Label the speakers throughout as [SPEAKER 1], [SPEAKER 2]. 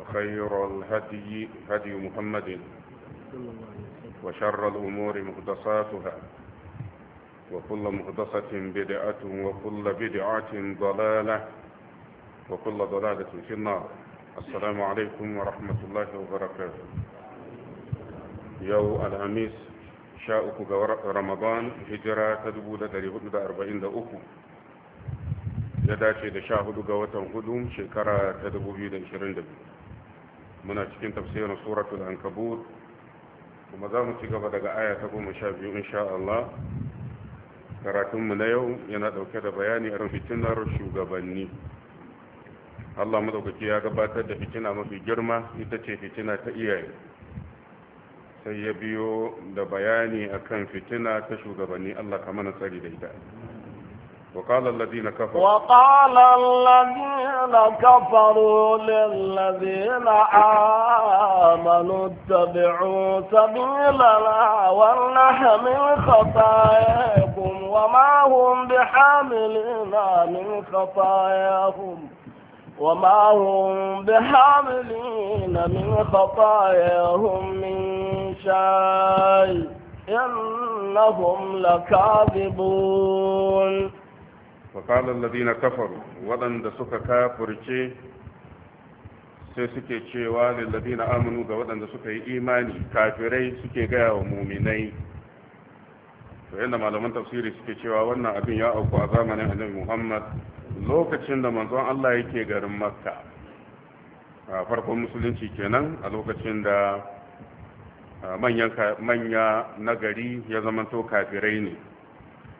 [SPEAKER 1] وخير الهدي هدي محمد وشر الأمور مهدساتها وكل مهدسة بدعة وكل بدعة ضلالة وكل ضلالة في النار السلام عليكم ورحمة الله وبركاته يو الهميس شاءك رمضان هجرة تدبو لدري هدد أربعين دقوكو ya dace da غدوم hudu تدبو watan hudu shekara muna cikin tafsirin suratul ankabut kuma za mu ci gaba daga aya ta goma sha biyu insha Allah karatunmu na yau yana ɗauke da bayani a fitinar shugabanni Allah madaukaki ya gabatar da fitina mafi girma ita ce fitina ta iyaye sai ya biyo da bayani akan fitina ta shugabanni Allah ka mana tsari da ita وقال الذين كفروا وقال
[SPEAKER 2] الذين كفروا للذين آمنوا اتبعوا سبيلنا ولنحمل خطاياكم وما هم بحاملين من خطاياهم وما هم بحاملين من خطاياهم من شيء إنهم لكاذبون
[SPEAKER 1] فقال الذين كفروا waɗanda suka سكا كافرشي sai suke cewa lillabi na aminu ga waɗanda suka yi imani kafirai suke gaya wa muminai to yadda malaman tafsiri suke cewa wannan abin ya auku a zamanin annabi muhammad lokacin da manzon allah yake garin makka a farkon musulunci kenan a lokacin da manya nagari gari ya zamanto kafirai ne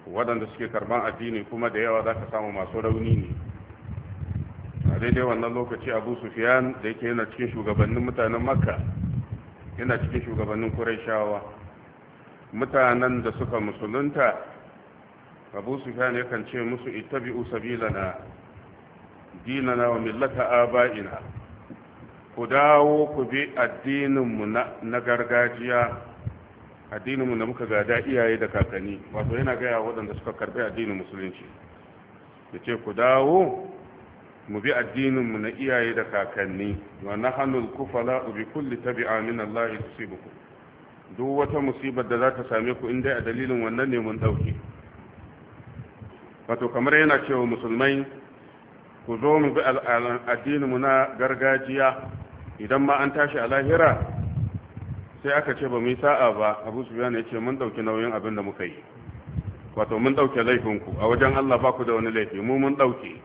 [SPEAKER 1] waɗanda suke karban addini kuma da yawa za ka samu masu rauni ne a daidai wannan lokaci abu sufiyan da yake yana cikin shugabannin mutanen makka yana cikin shugabannin kuraishawa mutanen da suka musulunta abu sufiyan yakan ce musu ittabi'u sabilana dinana wa millata aba'ina ku dawo ku bi addininmu na gargajiya addininmu da muka gada iyaye da kakanni wato yana gaya waɗanda suka karɓi addinin musulunci ya ce ku dawo mu bi addininmu na iyaye da kakanni wa na hannun kufala bi kulli tabi'a min Allah ya tusibuku duk wata musibar da za ta same ku inda a dalilin wannan ne mun ɗauki wato kamar yana cewa musulmai ku zo mu bi addininmu na gargajiya idan ma an tashi a lahira sai aka ce ba mu yi sa'a ba abu sufyan ya ce mun dauki nauyin abin da muka yi wato mun dauke laifinku a wajen Allah ba ku da wani laifi mu mun dauke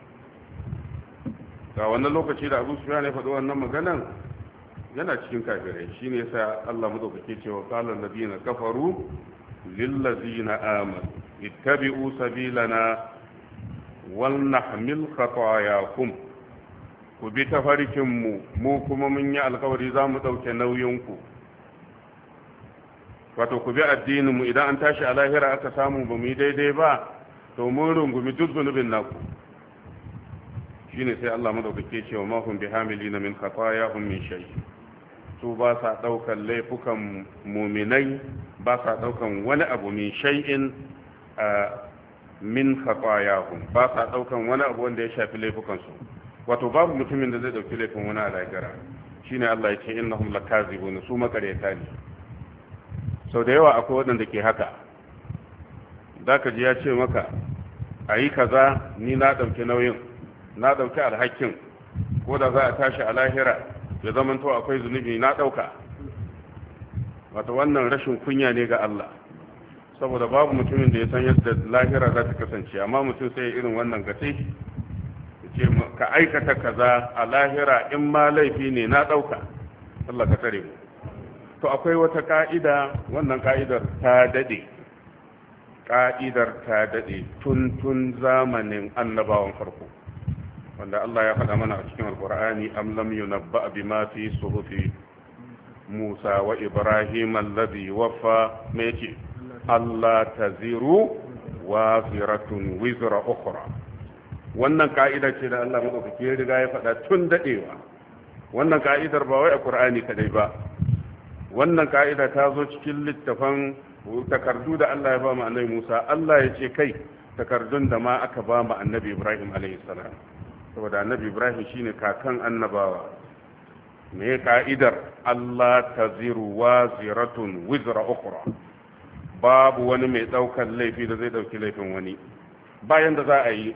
[SPEAKER 1] ga wannan lokaci da abu sufyan ya faɗi wannan maganan yana cikin kafirai shine yasa Allah madaukake cewa qala na kafaru na amanu ittabi'u sabilana wal nahmil khatayakum ku bi tafarkin mu mu kuma mun yi alkawari za mu dauke nauyin ku wato ku bi addinin mu idan an tashi a lahira aka samu ba mu yi daidai ba to mun rungumi duk zunubin naku shine sai Allah madaukake cewa ma hum bihamilina min khatayahum min shay su ba sa daukan laifukan muminai ba sa daukan wani abu min shay'in min khatayahum ba sa daukan wani abu wanda ya shafi laifukan su wato babu mutumin da zai dauki laifin wani a lahira shine Allah yake innahum lakazibun su makareta ne sau da yawa akwai waɗanda ke haka za ka ji ya ce maka a yi kaza ni na ɗauki nauyin na ɗauki alhakin ko da za a tashi a lahira ya zama to akwai zunubi na ɗauka wata wannan rashin kunya ne ga Allah saboda babu mutumin da ya san yadda lahira za ta kasance amma mutum sai ya irin wannan gasi ka aikata kaza a lahira in ma laifi ne na ɗauka Allah ka tare mu to akwai wata ka'ida wannan ka'idar ta dade ka'idar ta dade tun tun zamanin annabawan farko wanda Allah ya faɗa mana a cikin alkur'ani am lam yunabba bima fi suhufi Musa wa Ibrahim alladhi waffa me yake Allah taziru waziratun wizra ukhra wannan ka'ida ce da Allah ya riga ya faɗa tun dadewa wannan ka'idar ba wai a Qur'ani kadai ba wannan ka'ida ta zo cikin littafan takardu da Allah ya ba mu annabi Musa Allah ya ce kai takardun da ma aka ba mu annabi Ibrahim alaihi salam saboda annabi Ibrahim shine kakan annabawa me ka'idar Allah taziru waziratun wizra ukhra babu wani mai ɗaukan laifi da zai dauki laifin wani bayan da za a yi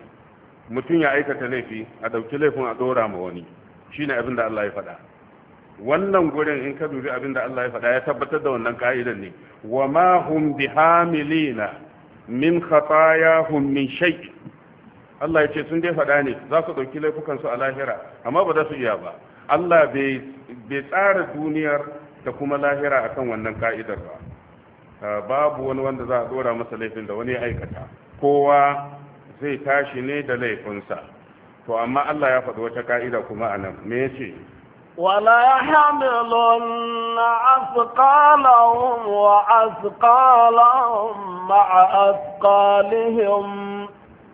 [SPEAKER 1] mutum ya aikata laifi a dauki laifin a dora ma wani shine abin da Allah ya faɗa wannan gurin in ka dubi abin da Allah ya faɗa ya tabbatar da wannan ka'idar ne wa ma hum hamilina min khatayahum min shay Allah ya ce sun dai faɗa ne za su ɗauki laifukan su a lahira amma ba za su iya ba Allah bai tsara duniyar da kuma lahira akan wannan ka'idar ba ah, babu wani wanda za a dora masa laifin da wani ya aikata kowa zai tashi ne da laifinsa to amma Allah ya faɗi wata ka'ida kuma a nan me ce.
[SPEAKER 2] ولا يحملن أثقالهم وأثقالهم مع أثقالهم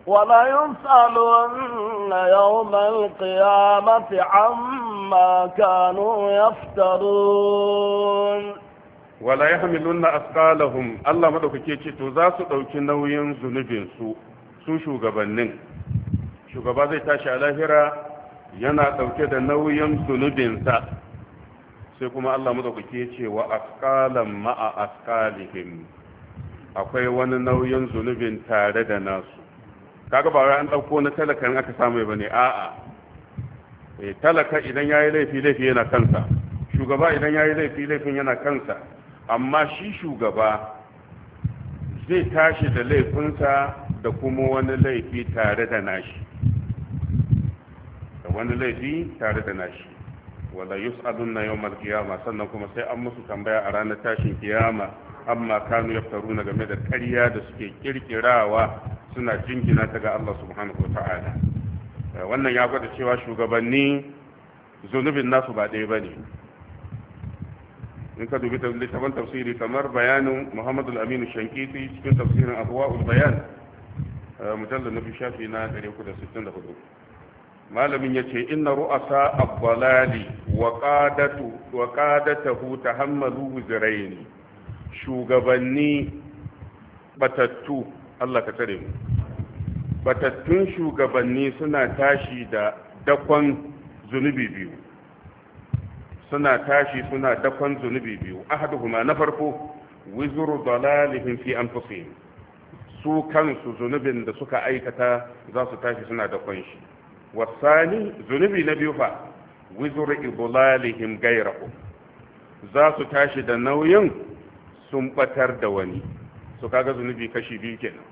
[SPEAKER 2] ولا يسألن يوم القيامة عما كانوا يفترون
[SPEAKER 1] ولا يحملن أثقالهم الله مدوك كيكي تزاس دوك نوين زنبين سو سو شو غبنن شو غبا زي تاشي على هرا yana ɗauke da nauyin zunubinsa sai kuma Allah madaukaki ya ce wa asqalan ma'a asqalihim akwai wani nauyin zunubin tare da nasu kaga ba an ɗauko na in aka samu bane a'a eh talaka idan yayi laifi laifi yana kansa shugaba idan yayi laifi laifin yana kansa amma shi shugaba zai tashi da laifinsa da kuma wani laifi tare da nashi wani laifi tare da nashi wala yus'aluna yawmal qiyama sannan kuma sai an musu tambaya a ranar tashin kiyama amma kanu na game da karya da suke kirkirawa suna jingina ta ga Allah subhanahu wata'ala eh, wannan ya gwada cewa shugabanni zunubin nasu ba ɗaya bane in ka dubi littafin tafsiri kamar bayanin Muhammadu Aminu Shankiti cikin tafsirin Abwaul Bayan eh, mujallal na shafi na 364 malamin ya ce inna ru'asa abbalali wa qadatu wa qadatu tahammalu huzraini shugabanni batattu Allah ka tare mu batattun shugabanni suna tashi da dakon zunubi biyu suna tashi suna dakon zunubi biyu ahaduhuma na farko wizuru dalalihim fi anfusihim su kansu zunubin da suka aikata za su tashi suna dakon shi wasani zunubi na biyu fa wizuri ibulalihim gairahu za su tashi da nauyin sun batar da wani su kaga zunubi kashi biyu kenan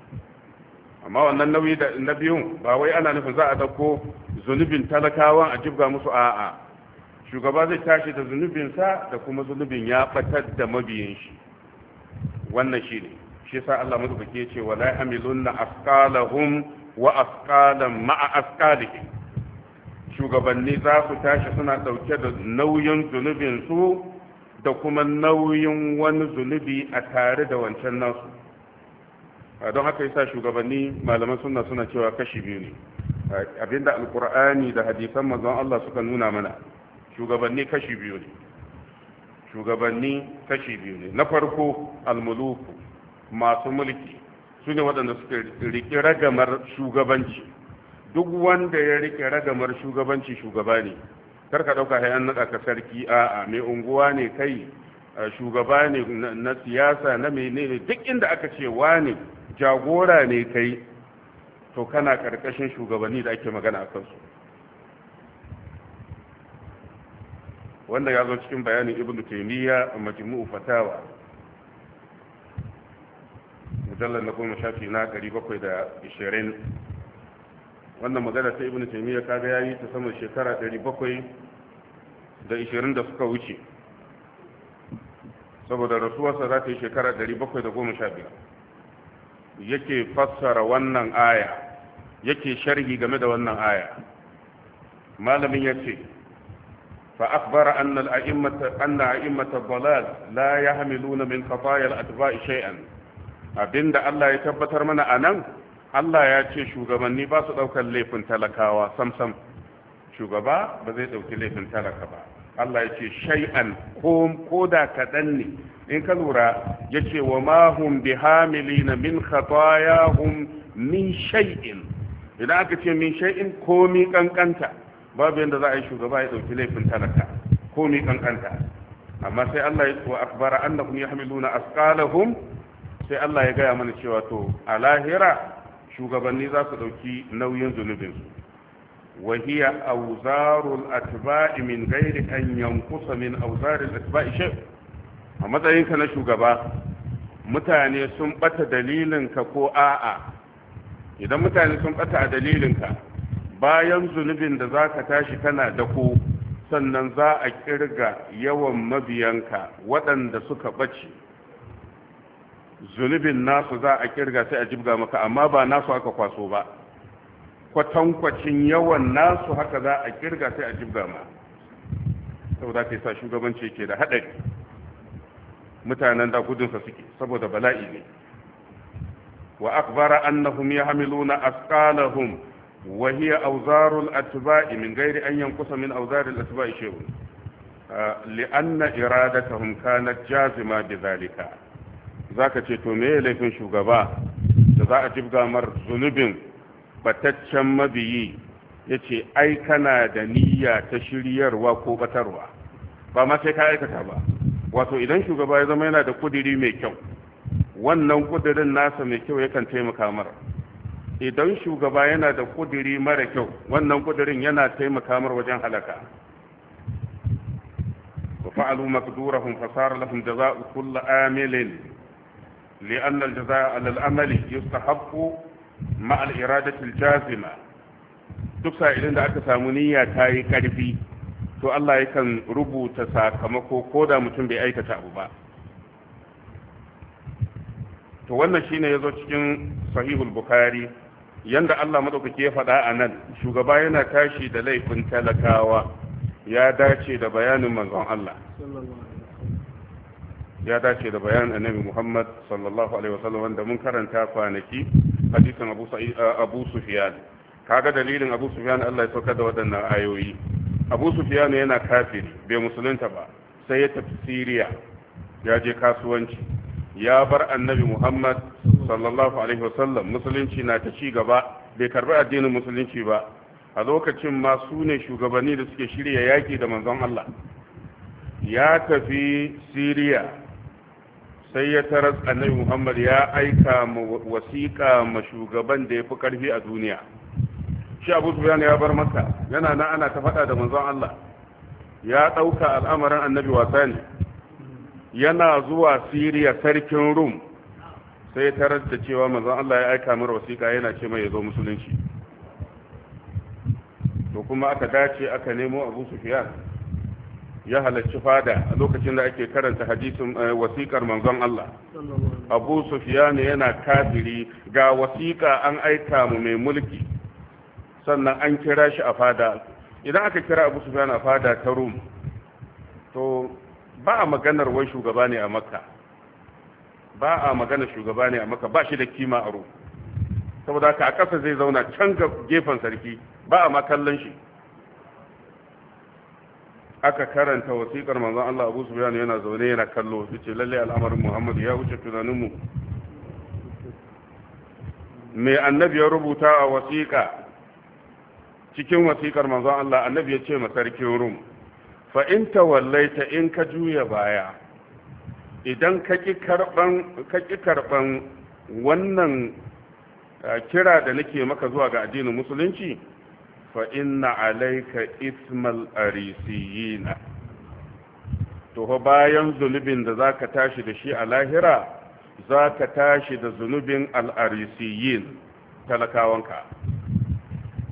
[SPEAKER 1] amma wannan nauyi na biyun ba wai ana nufin za a dauko zunubin talakawan a jibga musu a'a shugaba zai tashi da zunubinsa da kuma zunubin ya batar da mabiyin shi wannan shine shi sa Allah madaukake ya ce wala amilunna asqalahum wa asqalan ma'a asqalihi shugabanni za su tashi suna dauke da nauyin zunubinsu da kuma nauyin wani zunubi a tare da wancan nasu don haka yasa shugabanni malaman sunna suna cewa kashi biyu ne abinda alkur'ani da hadisan manzon Allah suka nuna mana shugabanni kashi biyu ne shugabanni kashi biyu ne na farko almuluku masu mulki su ne waɗanda suka riƙe ragamar shugabanci duk wanda ya riƙe ragamar shugabanci shugaba ne kar ka ɗauka hayan naɗa ka sarki a'a mai unguwa ne kai shugaba ne na siyasa na menene duk inda aka ce wane jagora ne kai to kana ƙarƙashin shugabanni da ake magana a kansu wanda ya zo cikin bayanin ibnu taymiya a majmu'u fatawa mujallar na goma shafi na ɗari bakwai da ishirin wannan magana ta ibn taimiyya kaga ya yi ta saman shekara ɗari bakwai da ishirin da suka wuce saboda rasuwarsa za ta yi shekara ɗari bakwai da goma sha yake fassara wannan aya yake sharhi game da wannan aya malamin ya ce فأخبر أن الأئمة أن أئمة الضلال لا يحملون من خطايا الأتباع شيئا abinda Allah ya tabbatar mana a nan Allah ya ce shugabanni ba su ɗaukar laifin talakawa samsam shugaba ba zai ɗauki laifin talaka ba Allah ya ce shay'an ko da kaɗan ne in ka lura ya ce wa mahum bi na min khatayahum min shay'in idan aka ce min shay'in komi kankanta babu yadda za a yi shugaba ya ɗauki laifin talaka komi kankanta amma sai Allah ya wa akbara annahum yahmiluna asqalahum sai Allah ya gaya mana cewa to a lahira shugabanni za su ɗauki nauyin zunubinsu wahiya auzarul atba'i min gairi an yankusa min auzarul atba'i shay a matsayinka na shugaba mutane sun bata dalilinka ko a'a idan mutane sun bata a dalilinka bayan zunubin da zaka tashi kana da ko sannan za a kirga yawan mabiyanka waɗanda suka bace. zunubin nasu za a kirga sai a jibga maka amma ba nasu aka kwaso ba kwatankwacin yawan nasu haka za a kirga sai a jibga ma saboda ka sa shugabanci ke da haɗari mutanen da gudunsa suke saboda bala'i ne wa akbara annahum yahmiluna asqalahum wa hiya awzarul atba'i min ghairi an yanqusa min awzaril atba'i shay'un li'anna iradatahum kanat jazima bidhalika za ka ce to meye laifin shugaba da za a jibga mar zunubin bataccen mabiyi ya ce ai kana da niyya ta shiryarwa ko batarwa ba ma sai ka aikata ba wato idan shugaba ya zama yana da kudiri mai kyau wannan kudirin nasa mai kyau yakan taimaka mara idan shugaba yana da kudiri mara kyau wannan kudirin yana taimaka mara wajen halaka wa fa'alu makdurahum fasara lahum jaza'u kulli amilin لأن الجزاء على الأمل يستحق مع الإرادة الجازمة تكسى إذن دعك سامونية تاي Allah تو الله يكن ربو تسا كمكو كودا متن abu ba. to wannan shine ya zo cikin sahihul bukhari yanda Allah madaukake ya faɗa a nan shugaba yana tashi da laifin talakawa ya dace da bayanin manzon Allah ya dace da bayanin annabi Muhammad sallallahu alaihi wasallam wanda mun karanta kwanaki hadisin Abu Sa'id eh, Abu Sufyan kaga dalilin Abu Sufyan Allah ya saukar da waɗannan ayoyi Abu Sufyan yana kafiri bai musulunta ba sai ya tafi siriya ya je kasuwanci ya bar annabi Muhammad sallallahu alaihi wasallam musulunci na ta ci gaba bai karbi addinin musulunci ba a lokacin ma su ne shugabanni da suke shirya yaki da manzon Allah ya tafi siriya sai ya taras annabi muhammad ya aika wasiƙa ma shugaban da ya fi ƙarfi a duniya shi abu sufyan ya bar maka yana na ana ta faɗa da manzon allah ya ɗauka al'amarin annabi wasa ne yana zuwa siriya sarkin rum sai ya tarar da cewa manzon allah ya aika mara wasiƙa yana ce mai ya zo musulunci to kuma aka dace aka nemo abu sufiyan ya halarci fada a lokacin da ake karanta hadisin eh, wasikar manzon Allah Abu Sufyan yana kafiri ga wasiƙa an aika mu mai mulki sannan an kira shi a fada idan aka kira Abu Sufyan a fada ta Rum to ba a maganar wai shugaba ne a Makka ba a magana shugaba ne a Makka ba shi da kima a Rum saboda haka a ƙasa zai zauna can gefen sarki ba a ma shi aka karanta wasiƙar manzon Allah Abu Sufyan yana zaune yana kallo yace lalle al'amarin Muhammad ya wuce tunanin mu me annabi ya rubuta a wasiƙa cikin wasiƙar manzon Allah annabi ya ce ma sarkin Rum fa in tawallaita in ka juya baya idan ka ki karban ka ki karban wannan ah, kira da nake maka zuwa ga addinin musulunci fa عليك alaika الأريسيين arisiyina to ذنوبين bayan zunubin da zaka tashi da shi a lahira zaka tashi da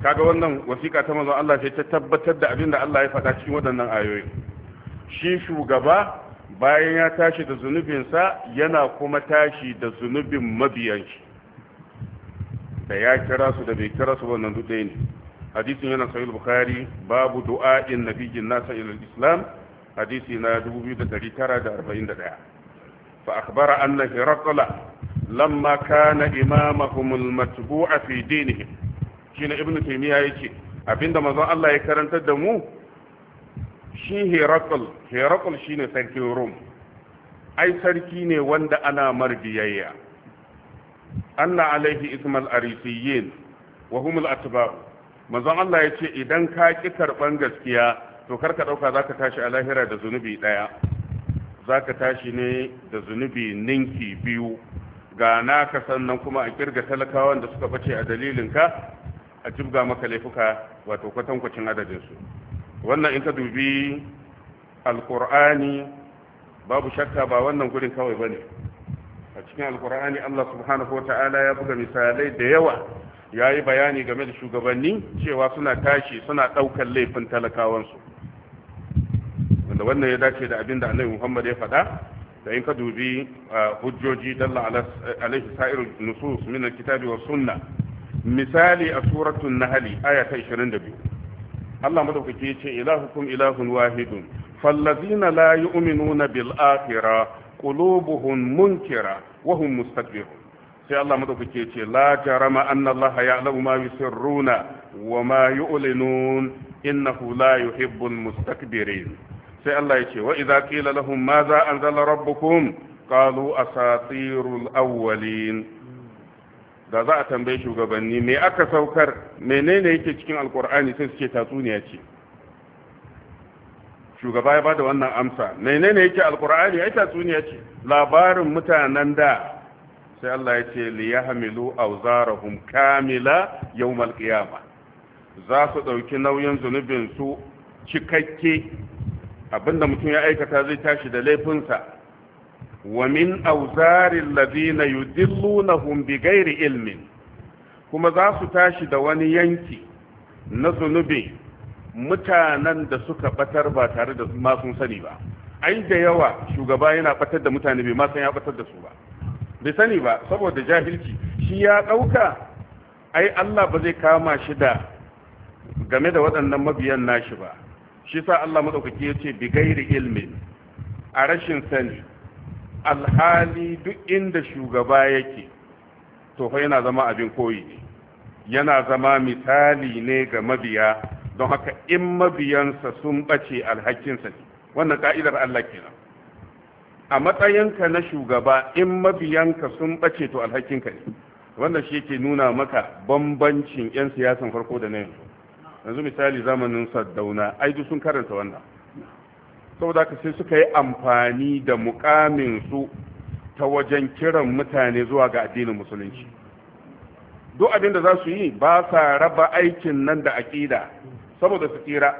[SPEAKER 1] kaga wannan wasiƙa ta manzon Allah sai ta tabbatar da abin da Allah ya faɗa cikin waɗannan ayoyi shi shugaba bayan ya tashi da zunubinsa yana kuma tashi da zunubin mabiyan shi da ya kira su da bai kira su wannan duk ne hadisin yana sahih bukhari babu du'a'in nabiyyin nasa ila islam hadisi na 2941 fa akhbara anna hiraqla lamma kana imamahum al-matbu'a fi dinihim shine ibnu taymiya yake abinda mazan Allah ya karantar da mu shi hiraql hiraql shine sarkin rum ai sarki ne wanda ana marbiyayya ana alaihi ismal arisiyin wa humul atba'u manzon Allah ya ce idan ka ki karban gaskiya to kar ka dauka zaka tashi a lahira da zunubi daya zaka tashi ne da zunubi ninki biyu ga naka sannan kuma a kirga talakawan da suka bace a dalilin ka a jibga maka laifuka wato kwatankwacin adadin su wannan in ka dubi alqur'ani babu shakka ba wannan gurin kawai bane a cikin alqur'ani Allah subhanahu wataala ya buga misalai da yawa ya yi bayani game da shugabanni cewa suna tashi suna ɗaukar laifin talakawansu wanda wannan ya dace da abin da annabi muhammad ya faɗa da in ka dubi hujjoji dalla alaihi sa'iru nusus min alkitabi wa sunna misali a suratul nahli aya ta 22 Allah madaukaki ya ce ilahukum ilahun wahidun fallazina la yu'minuna bil akhirah qulubuhum munkira wa hum mustakbirun sai Allah madaukake ce la jarama anna Allah ya'lamu ma yusirruna wa ma yu'linun innahu la yuhibbul mustakbirin sai Allah ya ce wa idza qila lahum ma za anzala rabbukum qalu asatirul awwalin da za a tambaye shugabanni me aka saukar menene yake cikin alkur'ani sai suke tatsuniya ce shugaba ya bada wannan amsa menene yake alkur'ani ai tatsuniya ce labarin mutanen da sai Allah ya ce liyahmilu awzarahum kamila yawmal qiyamah za su dauki nauyin zunubin su cikakke abinda mutum ya aikata zai tashi da laifinsa wa min awzaril ladina yudillunahum bighairi ilmin kuma za su tashi da wani yanki na zunubi mutanen da suka batar ba tare da ma sun sani ba ai da yawa shugaba yana batar da mutane bai ma san ya batar da su ba bai sani ba saboda jahilci shi ya ɗauka ai Allah ba zai kama shi da game da waɗannan mabiyan nashi ba shi sa Allah maɗaukaki ya ce bigairi ilmin a rashin sani alhali duk inda shugaba yake to fa yana zama abin koyi ne yana zama misali ne ga mabiya don haka in mabiyansa sun ɓace alhakinsa ne wannan ka'idar Allah kenan a matsayinka na shugaba in mabiyanka sun ɓace to alhakinka ne wannan shi yake nuna maka bambancin 'yan siyasan farko da na yanzu yanzu misali zamanin saddauna aidu sun karanta wannan saboda ka sai suka yi amfani da mukamin su ta wajen kiran mutane zuwa ga addinin musulunci duk abin da za su yi ba sa raba aikin nan da aƙida saboda su tsira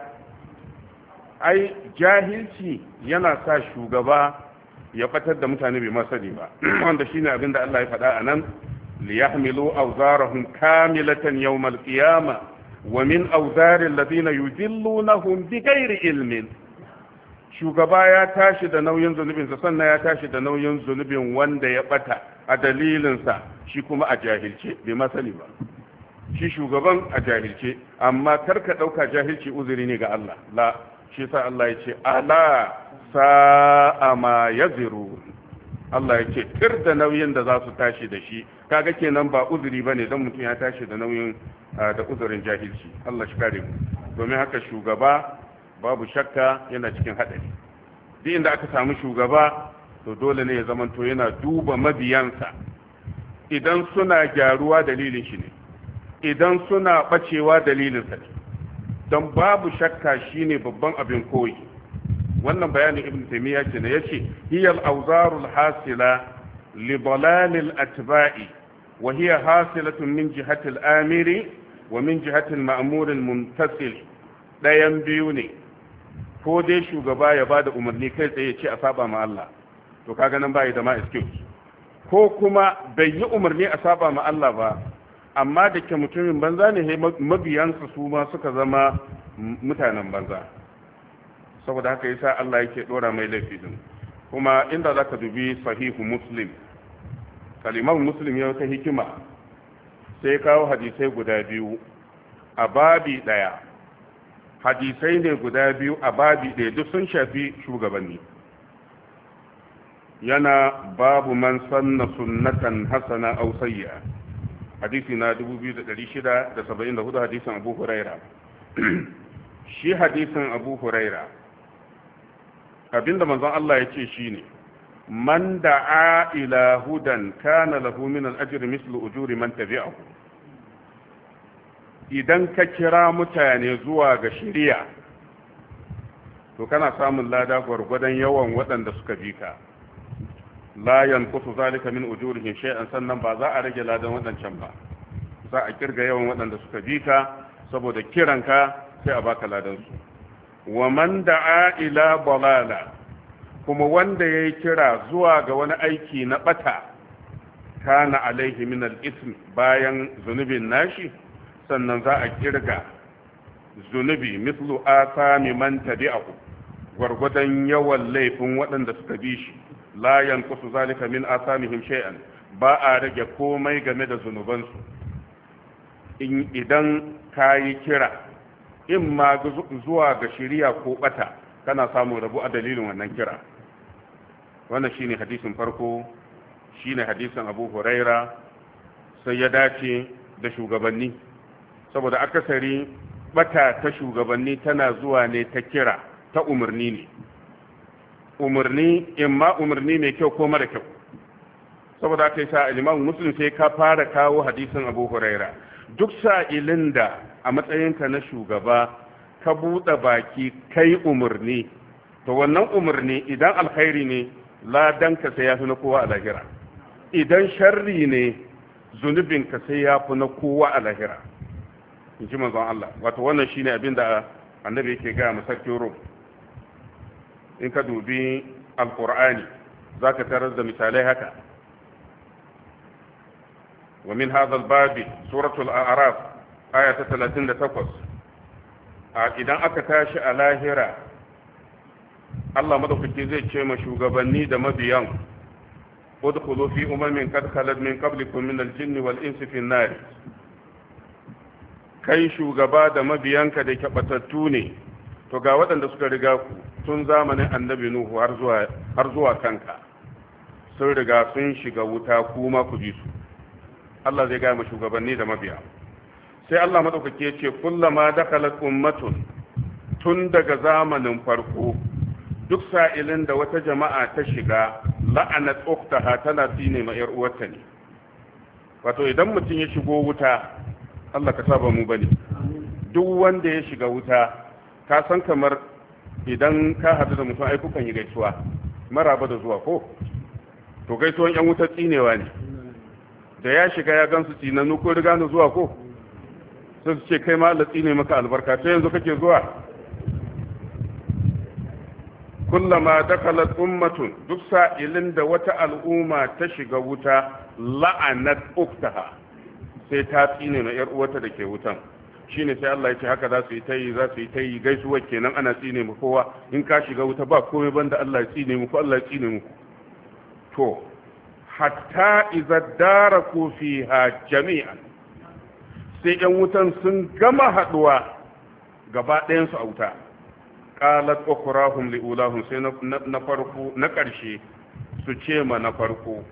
[SPEAKER 1] ai jahilci yana sa shugaba ya batar da mutane bai masani ba wanda shine abin da Allah ya faɗa a nan liyahmilu awzarahum kamilatan yawmal qiyama wa min awzari alladhina yudillunahum bighairi ilmin shugaba ya tashi da nauyin zunubinsa sannan ya tashi da nauyin zunubin wanda ya bata a dalilinsa shi kuma a jahilce bai masani ba shi shugaban a jahilce amma karka ɗauka jahilci uzuri ne ga Allah la shi sa Allah ya ce ala sa'a ma ya ziru Allah ya ce tir da nauyin da za su tashi da shi kaga kenan ba uzuri bane dan mutum ya tashi da nauyin da uzurin jahilci Allah shi kare mu domin haka shugaba babu shakka yana cikin haɗari duk inda aka samu shugaba to dole ne ya zamanto yana duba mabiyansa idan suna gyaruwa dalilin shi ne idan suna bacewa dalilin sa ne don babu shakka shine babban abin koyi wannan bayanin ibn taymiya ce ne yace hiyal awzarul hasila li dalalil atba'i wa hiya hasilatun min jihati amiri wa min jihati al muntasil dayan biyu ne ko dai shugaba ya bada umarni kai tsaye ce a saba ma Allah to kaga nan bai da ma excuse ko kuma bai yi umarni a saba ma Allah ba amma da ke mutumin banza ne mabiyansa su ma suka zama mutanen banza saboda haka yasa Allah yake dora mai laifi din kuma inda zaka dubi sahihu muslim kalimar muslim ya ta hikima sai kawo hadisai guda biyu a babi daya hadisai ne guda biyu a babi daya duk sun shafi shugabanni yana babu man sanna sunnatan hasana aw sayya hadisi na 2674 hadisin abu huraira shi hadisin abu huraira abinda manzon Allah ya ce shine man da'a ila hudan kana lahu min al-ajri mislu ujuri man tabi'ahu idan ka kira mutane zuwa ga shari'a to kana samun lada gwargwadon yawan waɗanda suka bi ka la yanqusu zalika min ujurihim shay'an sannan ba za a rage ladan waɗancan ba za a kirga yawan waɗanda suka bi ka saboda kiranka sai a baka ladan su wa man da'a ila balala kuma wanda ya yi kira zuwa ga wani aiki na bata kana alaihi min al bayan zunubin nashi sannan za a kirga zunubi mislu asami man tabi'ahu gurgudan yawan laifin waɗanda suka bi shi la yanqusu zalika min asamihim shay'an ba a rage komai game da zunubansu in idan kayi kira in ma zuwa ga shiriya ko bata kana samun rabu a dalilin wannan kira wannan shine hadisin farko shine hadisin abu huraira sai ya dace da shugabanni saboda akasari bata ta shugabanni tana zuwa ne ta kira ta umarni ne umarni ma umarni mai kyau ko mara kyau saboda aka yi sa imam muslim sai ka fara kawo hadisin abu huraira duk sa'ilin da a matsayinka na shugaba ka buɗe baki kai umarni to wannan umarni idan alkhairi ne ladanka sai ya fi na kowa a lahira idan sharri ne ka sai ya fi na kowa a lahira in ji manzon Allah wato wannan shine abin da annabi yake ga masarkin rum in ka dubi alkur'ani za ka tarar da misalai haka ومن هذا الباب سورة الأعراف aya ta 38 idan aka tashi a lahira Allah madaukaki zai ce ma shugabanni da mabiyan udkhulu fi umamin qad khalat min qablikum min al-jinn wal insi fi an kai shugaba da mabiyanka da kyabatattu ne to ga waɗanda suka riga ku tun zamanin annabi nuhu har zuwa kanka sun riga sun shiga wuta kuma ku ji su Allah zai ga ma shugabanni da mabiya sai Allah maɗaukake ya ce kullama dakalat ummatun tun daga zamanin farko duk sa'ilin da wata jama'a ta shiga la'anat uktaha tana tsine ma yar uwarta ne wato idan mutum ya shigo wuta Allah ka saba mu bane duk wanda ya shiga wuta ka san kamar idan ka hadu da mutum ai yi gaisuwa maraba da zuwa ko to gaisuwan yan wuta tsinewa ne da ya shiga ya gansu tsinanu ko riga na zuwa ko sai su ce kai ma Allah ne maka albarka ta yanzu kake zuwa kullama dakalat ummatun duk sa'ilin da wata al'umma ta shiga wuta la'anat uktaha sai ta tsine na yar uwata da ke wutan shine sai Allah ya ce haka za su yi tayi za su yi tayi gaisuwa kenan ana tsine mu kowa in ka shiga wuta ba komai banda Allah ya tsine ko Allah ya tsine mu to hatta idza daraku fiha jami'an sai yan wutan sun gama haɗuwa gaba ɗayansu a wuta qalat ukhrahum liulahum sai na farko na ƙarshe su ce ma na farko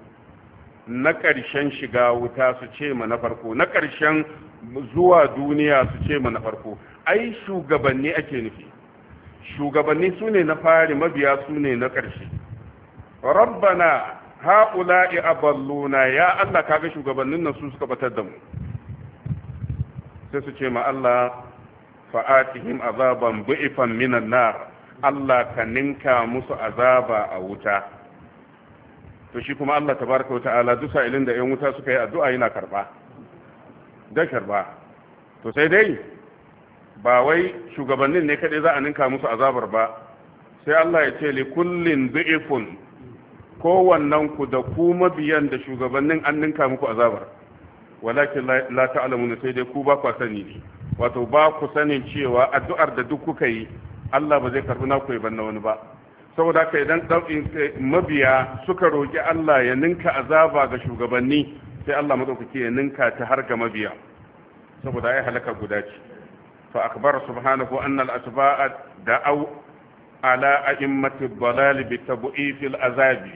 [SPEAKER 1] na ƙarshen shiga wuta su ce ma na farko na ƙarshen zuwa duniya su ce ma na farko ai shugabanni ake nufi shugabanni su ne na fari mabiya su ne na ƙarshe rabbana ha'ula'i aballuna ya Allah kaga shugabannin nan su suka batar da mu sai su ce ma Allah fa'atihim azaban bu'ifan minan nar Allah ka ninka musu azaba a wuta to shi kuma Allah tabaraka wa ta'ala duk sa'ilin da yan wuta suka yi addu'a yana karba da karba to sai dai ba wai shugabannin ne kadai za a ninka musu azabar ba sai Allah ya ce li kullin du'ifun kowannen ku da ku mabiyan da shugabannin an ninka muku azabar walakin la ta'lamun sai dai ku ba ku sani ne wato ba ku sanin cewa addu'ar da duk kuka yi Allah ba zai karbi naku ya banna wani ba saboda haka idan eh, mabiya suka roki Allah ya ninka azaba ga shugabanni sai Allah madaukake ya ninka ta har ga mabiya saboda ai halaka guda ce fa akbar subhanahu anna al-asba'a da'aw ala a'immati dhalal bi tab'if azabi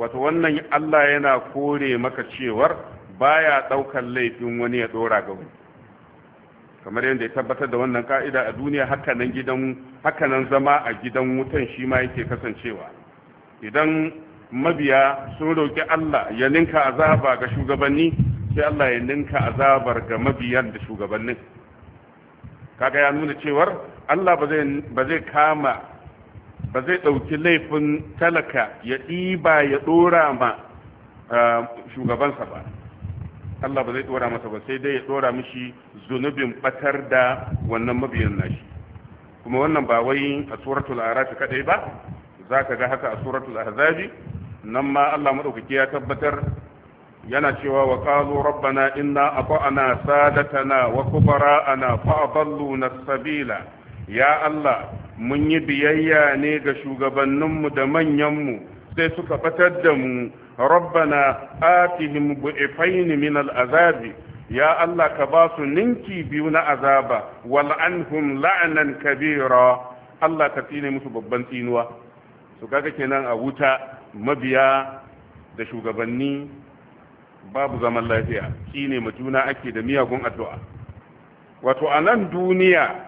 [SPEAKER 1] wato wannan Allah yana kore maka cewar baya daukan laifin wani ya dora ga wani kamar yadda ya tabbatar da wannan ka'ida a duniya hakanan gidan hakanan zama a gidan wutan shi ma yake kasancewa idan mabiya sun roƙi Allah ya ninka azaba ga shugabanni sai Allah ya ninka azabar ga mabiyan da shugabannin kaga ya nuna cewar Allah ba zai kama ba zai ɗauki laifin talaka ya ɗiba ya ɗora ma eh, shugabansa ba Allah ba zai dora masa ba sai dai ya dora mishi zunubin batar da wannan mabiyan nashi kuma wannan ba wai a suratul arafi kadai ba zaka ga haka a suratul ahzabi nan ma Allah madaukaki ya tabbatar yana cewa wa qalu rabbana inna ata'na sadatana wa kubara'ana fa adalluna sabila ya Allah mun yi biyayya ne ga shugabanninmu da manyanmu sai suka batar da mu rabbana atihim bu'ifaini min al'azabi ya Allah ka ba su ninki biyu na azaba wal anhum la'nan kabira Allah ka tsine musu babban tsinuwa su kaga kenan a wuta mabiya da shugabanni babu zaman lafiya tsine ma juna ake da miyagun addu'a wato a nan duniya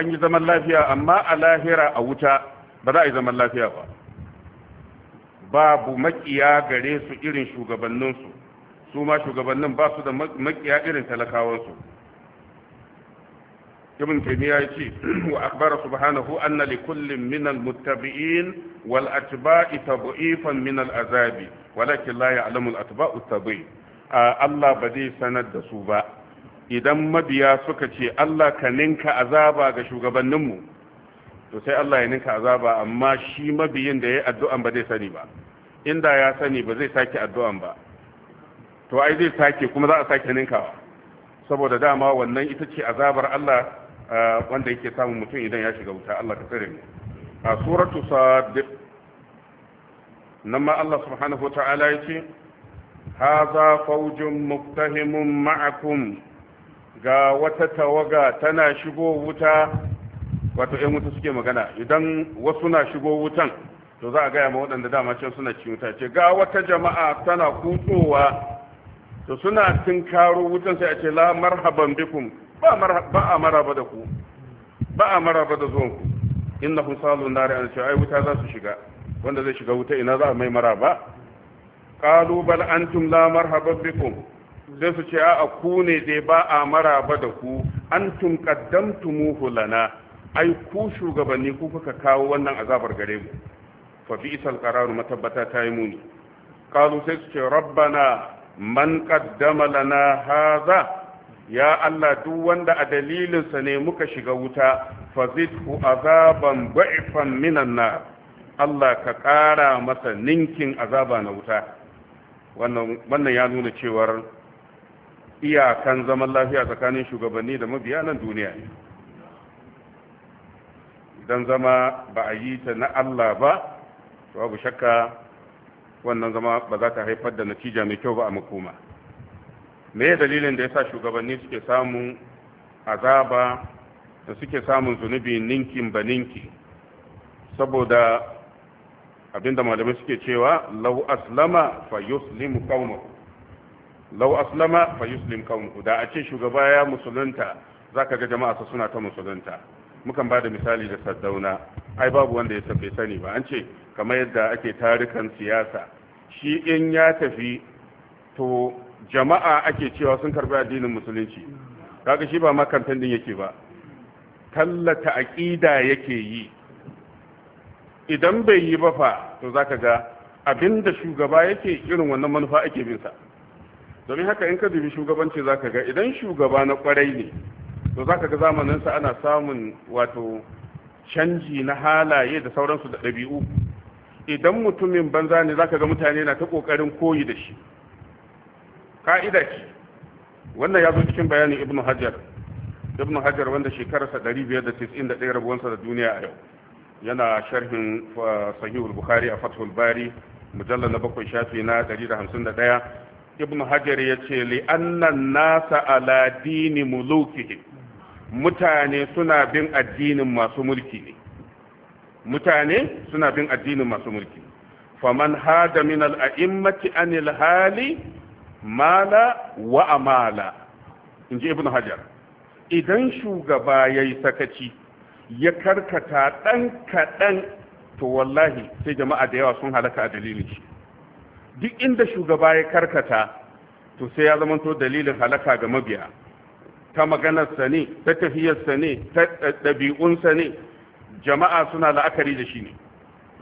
[SPEAKER 1] an yi zaman lafiya amma a lahira a wuta ba za a yi zaman lafiya ba babu makiya gare su irin shugabanninsu su ma shugabannin ba su da makiya irin talakawansu ibn taymiya ce, wa akbara subhanahu anna li kullin min al muttabi'in wal atba'i tab'ifan min al azabi walakin la ya'lamu al atba'u tabi'i Allah ba zai sanar da su ba idan mabiya suka ce Allah ka ninka azaba ga shugabanninmu to sai Allah ya ninka azaba amma shi mabiyin da ya yi addu'an ba zai sani ba inda ya sani ba zai sake addu'an ba to ai zai sake kuma za a sake ninkawa saboda dama wannan ita ce azabar Allah wanda yake samun mutum idan ya shiga wuta Allah ka tsare mu a suratu sad nan ma Allah subhanahu wa ta'ala yace haza fawjun muftahimun ma'akum ga wata tawaga tana shigo wuta wato yan wuta suke magana idan wasu na shigo wutan to za a gaya ma waɗanda dama can suna ci wuta ce ga wata jama'a tana kutsowa to suna karo wutan sai a ce la marhaban bikum ba a maraba da ku ba a maraba da zuwan ku na salu nari an ce ai wuta za su shiga wanda zai shiga wuta ina za a mai maraba qalu bal antum la marhaban bikum sai su ce a ku ne dai ba a maraba da ku antum qaddamtumuhu lana ai ku shugabanni ku kuka kawo wannan azabar gare mu fa bi isal qararu matabbata ta yi muni qalu sai su ce rabbana man qaddama lana hadha ya Allah duk wanda a dalilin sa ne muka shiga wuta fa zidhu azaban ba'fan minan nar Allah ka ƙara masa ninkin azaba na wuta wannan wannan ya nuna cewar iyakan zaman lafiya tsakanin shugabanni da mabiya nan duniya ne idan zama ba a yi ta na Allah ba babu shakka wannan zama ba za ta haifar da natija mai kyau ba a makoma me ya dalilin da ya sa shugabanni suke samun azaba da suke samun zunubi ninkin ba ninki saboda abinda malamai suke cewa lau aslama fa yuslimu qaumahu lau aslama fa yuslim qaumahu da a ce shugaba ya musulunta za ka ga jama'a suna ta musulunta mukan ba da misali da saddauna ai babu wanda ya tafi sani ba an ce kamar yadda ake tarukan siyasa shi in ya tafi to jama'a ake cewa sun karbi addinin musulunci kaga shi ba ma din yake ba tallata aqida yake yi idan bai yi ba fa to zaka ga abinda shugaba yake irin wannan manufa ake bin sa domin haka in ka dubi shugabanci zaka ga idan shugaba na kwarai ne to za ka ga zamaninsa ana samun wato canji na halaye da sauransu da ɗabi'u idan mutumin banza ne za ka ga mutane na ta ƙoƙarin koyi da shi ka'ida ce wannan ya zo cikin bayanin ibn hajar ibn hajar wanda shekararsa 591 rabuwansa da duniya a yau yana sharhin uh, sahihul bukhari a fathul bari mujalla na bakwai shafi na 151 ibn hajar ya ce annan nasa ala dini mulukihim mutane suna bin addinin masu mulki ne mutane suna bin addinin masu mulki faman hada min al'a'immati anil hali mala wa amala in ji ibn hajar idan shugaba yayi sakaci ya karkata dan kaɗan to wallahi sai jama'a da yawa sun halaka a dalilin shi duk inda shugaba ya karkata to sai ya zamanto dalilin halaka ga mabiya ta maganarsa ne ta tafiyarsa ne ta ɗabi'unsa ne jama'a suna la'akari da shi ne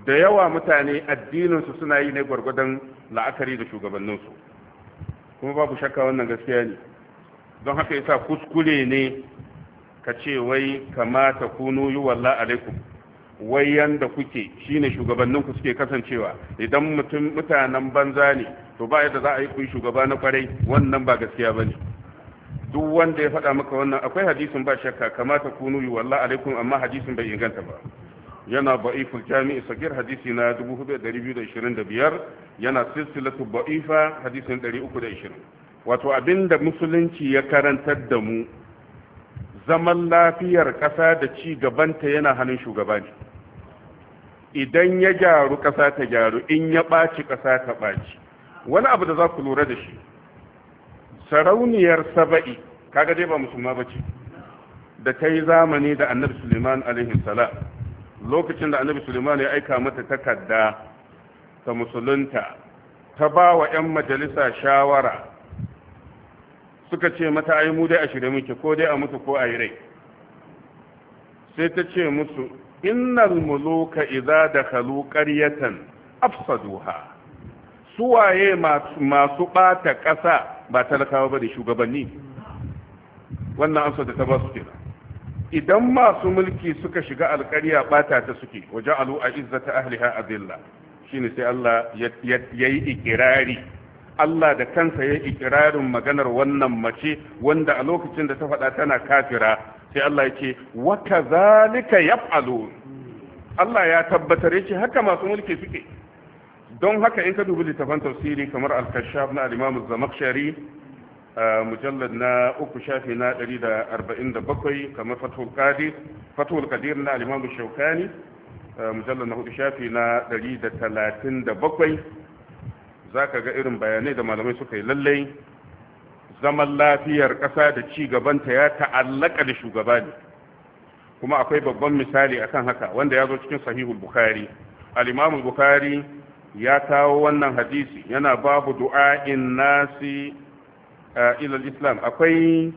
[SPEAKER 1] da yawa mutane addininsu suna yi ne gwargwadon la'akari da shugabanninsu kuma babu shakka wannan gaskiya ne don haka yasa kuskure ne ka ce wai kamata kunu yi walla alaikum wai yanda kuke shine shugabanninku suke kasancewa idan mutum mutanen banza ne to ba yadda za a yi kun shugaba na kwarai wannan ba gaskiya bane duk wanda ya faɗa maka wannan akwai hadisin ba shakka kamata ku nuyi, wallahi alaikum amma hadisin bai inganta ba yana ba'iful jami'i sagir hadisi na 4225 yana silsilatu ba'ifa hadisin 320 wato abinda musulunci ya karantar da mu zaman lafiyar ƙasa da ci gabanta yana hannun shugaba ne idan ya gyaru ƙasa ta gyaru in ya ɓaci ƙasa ta ɓaci wani abu da za ku lura da shi sarauniyar saba'i kaga dai ba musulma ba ce da ta yi zamani da annabi suleiman alaihi sala, lokacin da annabi suleiman ya aika mata takarda ta musulunta ta ba wa 'yan majalisa shawara suka ce mata ai mu dai a shirya muke ko dai a mutu ko a yi rai sai ta ce musu innal muluka idza dakhalu qaryatan afsaduha suwaye masu bata ƙasa ba talakawa ba da shugabanni wannan amsa da ta ba su kenan idan masu mulki suka shiga alƙarya bata ta suke waje alu a izzata ahliha azilla shine sai Allah ya yi ikirari Allah da kansa ya yi ikirarin maganar wannan mace wanda a lokacin da ta faɗa tana kafira sai Allah ya ce wa kazalika yaf'alun Allah ya tabbatar yace haka masu mulki suke don haka in ka dubi littafan tafsiri kamar al-kashaf na al-imam az-zamakhshari mujallad na uku shafi na 147 kamar fathul qadir fathul qadir na al-imam ash-shawkani mujallad na hudu shafi na 137 zaka ga irin bayanai da malamai suka yi lallai zaman lafiyar ƙasa da ci gabanta ya ta'allaka da shugaba ne kuma akwai babban misali akan haka wanda ya zo cikin sahihul bukhari al-imam bukhari ya kawo wannan hadisi yana babu du'a'in nasi ilal islam akwai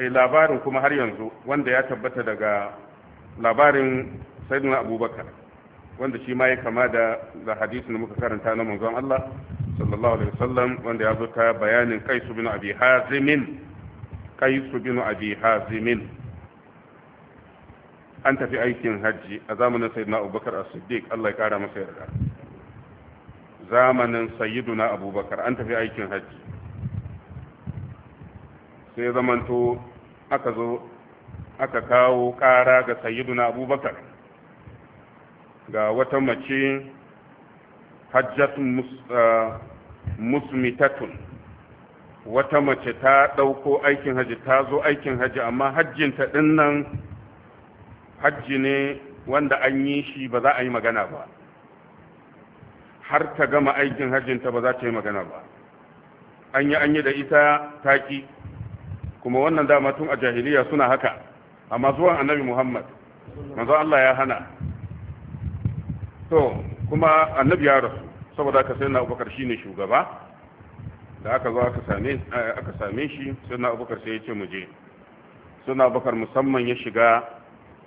[SPEAKER 1] eh, labarin kuma har yanzu wanda ya tabbata daga labarin sayyidina abubakar wanda shi ma ya kama da hadisin da muka karanta na manzon Allah sallallahu alaihi wasallam wanda ya zo ta bayanin kaisu bin abi hazimin kaisu bin abi hazimin an tafi aikin hajji a zamanin sayyidina abubakar as-siddiq Allah ya kara masa yarda zamanin sayyiduna abubakar an tafi aikin hajji sai zamanto aka zo aka kawo ƙara ga sayyiduna abubakar ga wata mace hajjatun musmitatun wata mace ta ɗauko aikin hajji ta zo aikin hajji amma hajjinta ɗin hajji ne wanda an yi shi ba za a yi magana ba har ta gama aikin hajjinta ba za ta yi magana ba an yi an yi da ita taƙi kuma wannan dama tun a jahiliya suna haka amma zuwan annabi muhammad manzo Allah ya hana to kuma annabi ya rasu saboda aka sai na abubakar shine shugaba da aka zo aka same aka same shi sai na abubakar sai ya ce mu je sai na abubakar musamman ya shiga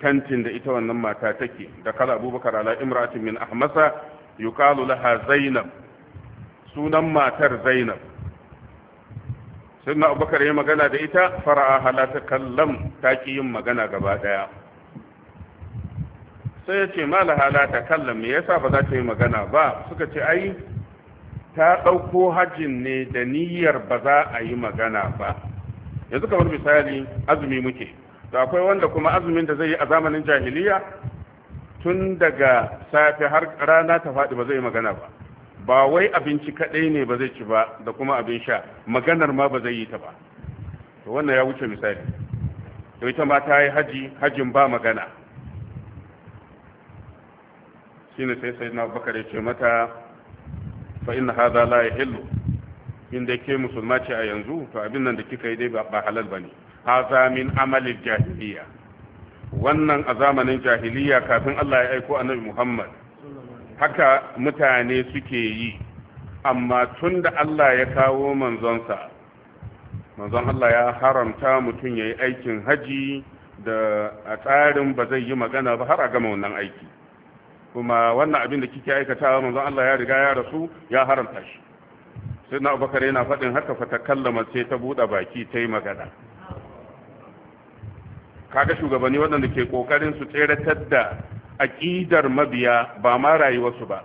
[SPEAKER 1] tantin da ita wannan mata take da kala abubakar ala imratin min ahmasa Yukalu laha zainab sunan matar zainab sunna abubakar ya magana da ita fara'a halata kallon ta ki yin magana gaba ɗaya. sai ya ce mala halata kallon me yasa ba za ta yi magana ba suka ce ai ta ɗauko hajjin ne da niyyar ba za a yi magana ba yanzu kamar misali azumi muke da akwai wanda kuma azumin da zai yi a zamanin jahiliya tun daga safe har rana ta faɗi ba zai magana ba ba wai abinci kaɗai ne ba zai ci ba da kuma abin sha maganar ma ba zai yi ta ba to wannan ya wuce misali to ita ma ta yi haji hajin ba magana shine sai sai na bakar ya ce mata fa inna hadha la yahillu inda ke musulma ce a yanzu to abin nan da kika yi dai ba halal bane hadha min amalin jahiliya wannan a zamanin jahiliya kafin Allah ya aiko annabi Muhammad haka mutane suke yi amma tun da Allah ya kawo manzonsa manzon Allah ya haramta mutum ya yi aikin haji da a tsarin ba zai yi magana ba har a gama wannan aiki kuma wannan abin da kike aikatawa manzon Allah ya riga ya rasu ya haramta shi sai na abubakar yana faɗin haka kallama sai ta buɗe baki ta yi magana kaga shugabanni waɗanda ke ƙoƙarin su tseratar da aƙidar mabiya ba ma rayuwarsu ba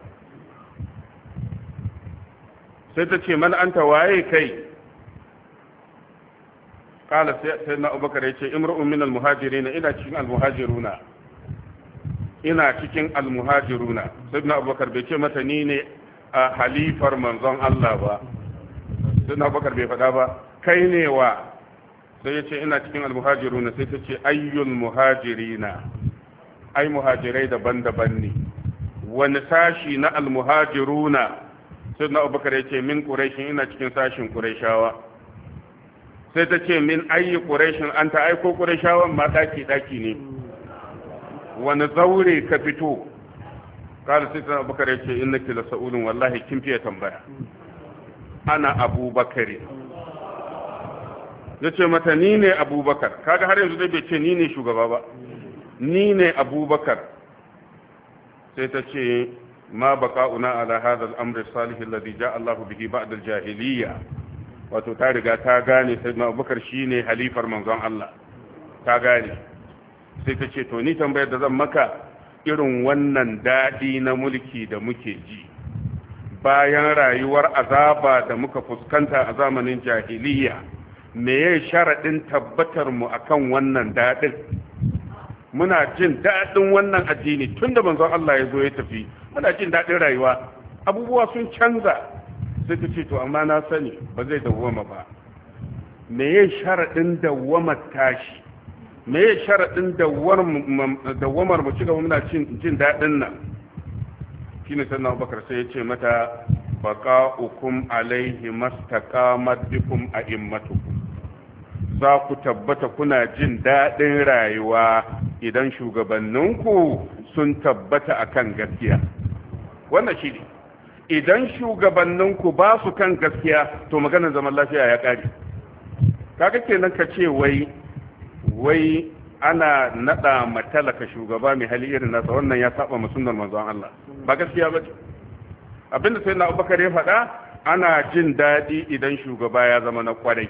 [SPEAKER 1] sai ta ce man anta waye kai kala sai na abubakar ya ce imra'un min almuhajirina ina cikin almuhajiruna ina cikin almuhajiruna sai na abubakar bai ce mata ni ne a halifar manzon Allah ba sai na abubakar bai faɗa ba kai ne wa sai ya ce ina cikin almuhajiruna sai ta ce ayyul muhajirina ai muhajirai daban-daban ne wani sashi na almuhajiruna sai na abubakar ya ce min ƙureshin ina cikin sashin ƙureshawa sai ta ce min ayi ƙureshin an ta aiko ƙureshawan ma ɗaki-ɗaki ne wani zaure ka fito kada sai na abubakar ya ce inna kila sa'ulun wallahi kin fiye tambaya ana abubakari ya mata ni ne abubakar kaga har yanzu dai bai ce ni ne shugaba ba ni ne abubakar sai ta ce ma baka'una ala hadha al salih alladhi allahu bihi ba'da al jahiliya wato ta riga ta gane sai na abubakar shine halifar manzon Allah ta gane sai ta ce to ni tambayar da zan maka irin wannan daɗi na mulki da muke ji bayan rayuwar azaba da muka fuskanta a zamanin jahiliya. me ya sharaɗin tabbatar mu akan wannan daɗin muna jin daɗin wannan addini tun da manzon Allah ya zo ya tafi muna jin daɗin rayuwa abubuwa sun canza sai ta ce to amma na sani ba zai dawwama ba me ya sharaɗin dawwamar tashi me ya sharaɗin dawwamar mu ci gaba muna jin daɗin nan shi ne sannan bakar sai ya ce mata baka hukum alaihi mastaqamat bikum a immatukum za ku tabbata kuna jin daɗin rayuwa idan shugabanninku sun tabbata a kan gaskiya wannan shi ne idan shugabanninku ba su kan gaskiya to maganar zaman lafiya ya ƙare kaga kenan ka ce wai wai ana naɗa matalaka shugaba mai hali irin nasa wannan ya saba mu sunnar manzon Allah ba gaskiya ba abinda sai na Abubakar ya faɗa ana jin daɗi idan shugaba ya zama na kwarai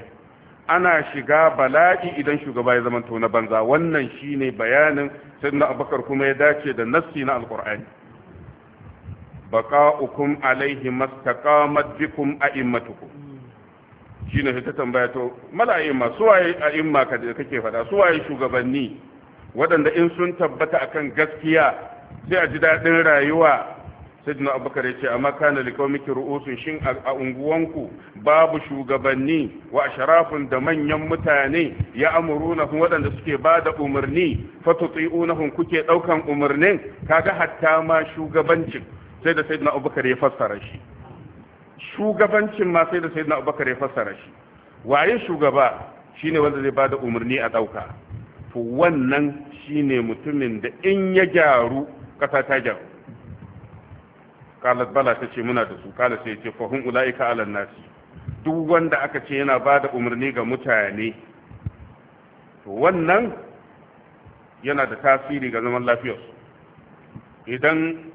[SPEAKER 1] ana shiga bala'i idan shugaba ya zama to na banza wannan shine bayanin sayyidina abubakar kuma ya dace da nassi na alqur'ani baqa'ukum alaihi mastaqamat bikum a'immatukum shine ta tambaya to mala'ima suwaye a'imma ka da kake faɗa suwaye shugabanni waɗanda in sun tabbata akan gaskiya sai a ji dadin rayuwa sayyidina abubakar ya ce amma kana liqaumiki ru'usun shin a unguwanku babu shugabanni wa asharafun da manyan mutane ya amurunahum wadanda suke bada umarni fatuti'unahum kuke daukan umarnin kaga hatta ma shugabancin sai da sayyidina abubakar ya fassara shi shugabancin ma sai da sayyidina abubakar ya fassara shi waye shugaba shine wanda zai bada umarni a dauka to wannan shine mutumin da in ya gyaru kasa ta gyaru kalat bala ta ce muna da su kala sai yace fa ulaika alan nasi duk wanda aka ce yana bada umarni ga mutane wannan yana da tasiri ga zaman lafiyar idan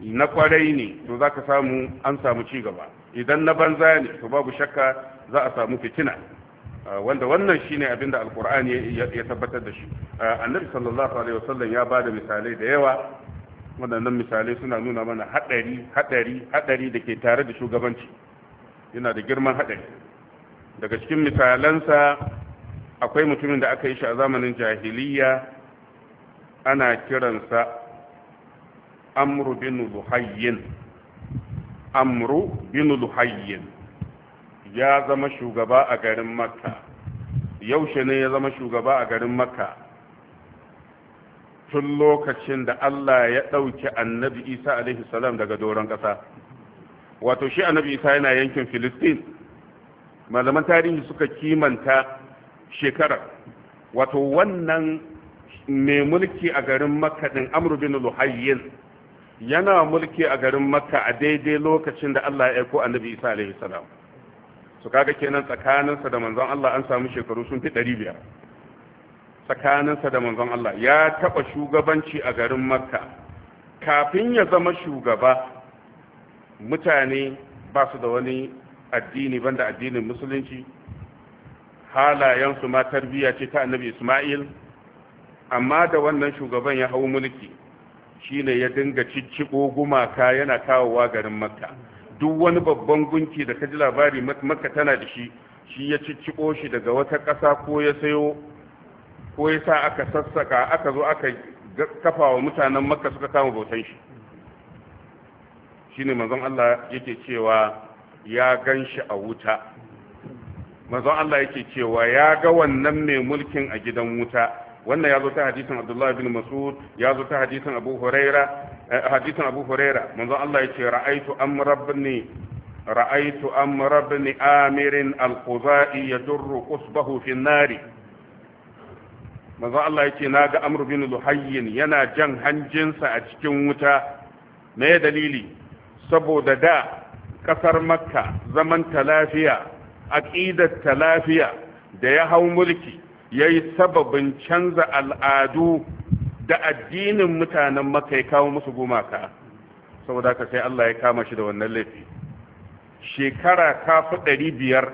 [SPEAKER 1] na kwarai ne to zaka samu an samu ci gaba idan na banza ne to babu shakka za a samu fitina ah, wanda wannan shine abin da alkur'ani ya tabbatar da shi ah, annabi sallallahu alaihi wasallam ya bada misalai da yawa waɗannan misalai suna nuna mana haɗari haɗari haɗari da ke tare da shugabanci yana da girman haɗari daga cikin misalansa akwai mutumin da aka yi shi a zamanin jahiliya ana kiransa amru bin luhayyin amru bin luhayyin ya zama shugaba a garin makka yaushe ne ya zama shugaba a garin makka tun lokacin da Allah ya ɗauki annabi isa alaihi salam daga doron ƙasa wato shi annabi isa yana yankin filistin malaman tarihi suka kimanta shekarar wato wannan mai mulki a garin makka din amru bin luhayyin yana mulki a garin makka a daidai lokacin da Allah ya aiko annabi isa alaihi salam su kaga kenan tsakaninsa da manzon Allah an samu shekaru sun fi ɗari biyar. tsakaninsa da manzon Allah ya taɓa shugabanci a garin makka kafin ya zama shugaba mutane ba su da wani addini banda addinin musulunci halayensu ma tarbiyya ce ta annabi ismail amma da wannan shugaban ya hau mulki shine ya dinga cicciko gumaka yana kawowa garin makka duk wani babban gunki da ka ji labari makka tana da shi shi ya cicciko shi daga wata ƙasa ko ya sayo ko ya sa aka sassaka aka zo aka kafa wa mutanen makka suka kama bautan shi shine manzon Allah yake cewa ya gan shi a wuta manzon Allah yake cewa ya ga wannan mai mulkin a gidan wuta wannan ya zo ta hadisin Abdullahi bin Mas'ud ya zo ta hadisin Abu Huraira eh, hadisin Abu Huraira manzon Allah yake ra'aitu amrabni ra'aitu amrabni amirin al-khuzai yadurru usbahu fi an-nari manzo Allah yake na ga amr bin luhayyin yana jan hanjinsa a cikin wuta me dalili saboda da kasar makka zaman talafiya aqidar talafiya da ya hau mulki yayi sababin canza al'adu da addinin mutanen makka ya kawo musu gumaka saboda haka sai Allah ya kama shi da wannan laifi shekara kafi ɗari biyar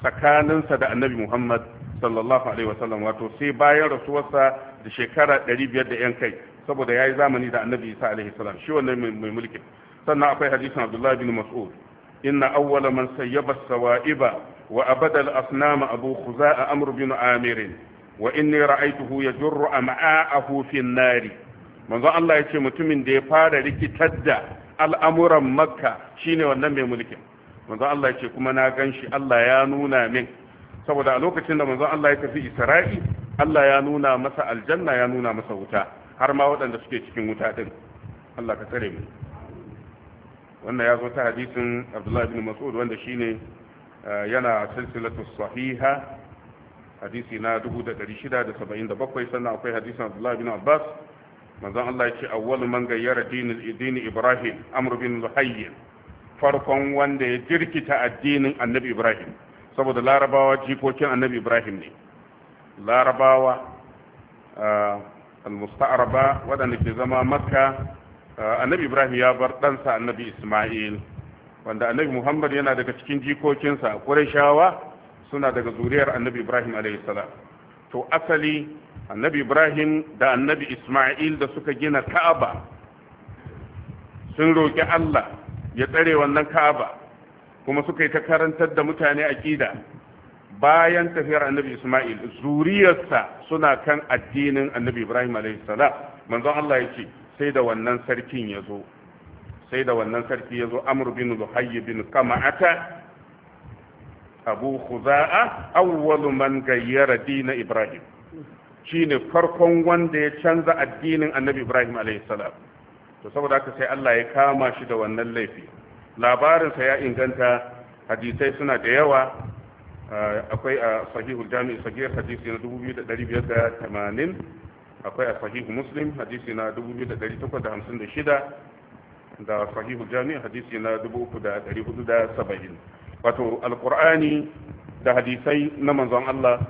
[SPEAKER 1] tsakaninsa da annabi muhammad sallallahu alaihi wasallam wato sai bayan rasuwarsa da shekara 500 da yan kai saboda yayi zamani da annabi isa alaihi salam shi wannan mai mulki sannan akwai hadisin abdullahi bin mas'ud inna awwala man sayyaba sawa'iba wa abada al-asnam abu khuza'a amr bin amir wa inni ra'aytuhu yajurru am'a'ahu fi an-nari manzo Allah yace mutumin da ya fara rikitar da al'amuran makka shine wannan mai mulki manzo Allah ce kuma na gan shi Allah ya nuna min saboda a lokacin da manzon Allah ya tafi Isra'i Allah ya nuna masa aljanna ya nuna masa wuta har ma waɗanda suke cikin wuta din Allah ka tsare mu wannan ya zo ta hadisin Abdullah ibn Mas'ud wanda shine eh, yana silsilatu sahiha hadisi na 1677 sannan akwai hadisin Abdullah ibn Abbas manzon Allah ya ce awwalu man gayyara dinil dini Ibrahim Amr bin Luhayy farkon wanda ya jirkita addinin Annabi Ibrahim saboda larabawa jikokin annabi ibrahim ne larabawa al-musta'araba waɗanda ke zama makka annabi ibrahim ya bar ɗansa annabi isma'il wanda annabi muhammad yana daga cikin jikokinsa ƙurashawa suna daga zuriyar annabi ibrahim alaihissalam to asali annabi ibrahim da annabi isma'il da suka gina ka'aba sun roƙi allah ya tsare wannan ka'aba kuma suka yi ta karantar da mutane aƙida bayan tafiyar annabi Ismail zuriyarsa suna kan addinin annabi Ibrahim alaihi salam manzon Allah ya ce sai da wannan sarkin ya zo sai da wannan sarki ya zo Amr bin Luhayy bin Qama'ata Abu Khuza'a awwalu man gayyara dina Ibrahim shine farkon wanda ya canza addinin annabi Ibrahim alaihi to saboda haka sai Allah ya kama shi da wannan laifi labarinsa ya inganta hadisai suna da yawa eh, akwai a sahihul jami'i sahihar hadisi na 2580 akwai a sahihu muslim hadisi na 2856 da sahihul jami'i hadisi na 3470 wato alkur'ani da hadisai na manzon Allah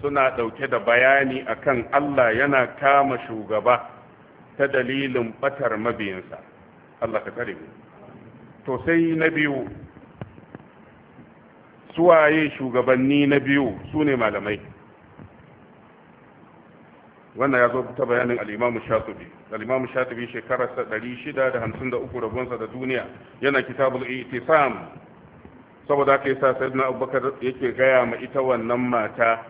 [SPEAKER 1] suna ɗauke da bayani akan Allah yana kama shugaba ta dalilin batar mabiyansa Allah ka tsare mu to sai na biyu suwaye shugabanni na biyu su ne malamai wannan ya zo ta bayanin al'imamu shatubi al'imamu shatubi shekararsa 653 shida da duniya yana kitabul itisam saboda haka yasa na abubakar yake gaya ma ita wannan mata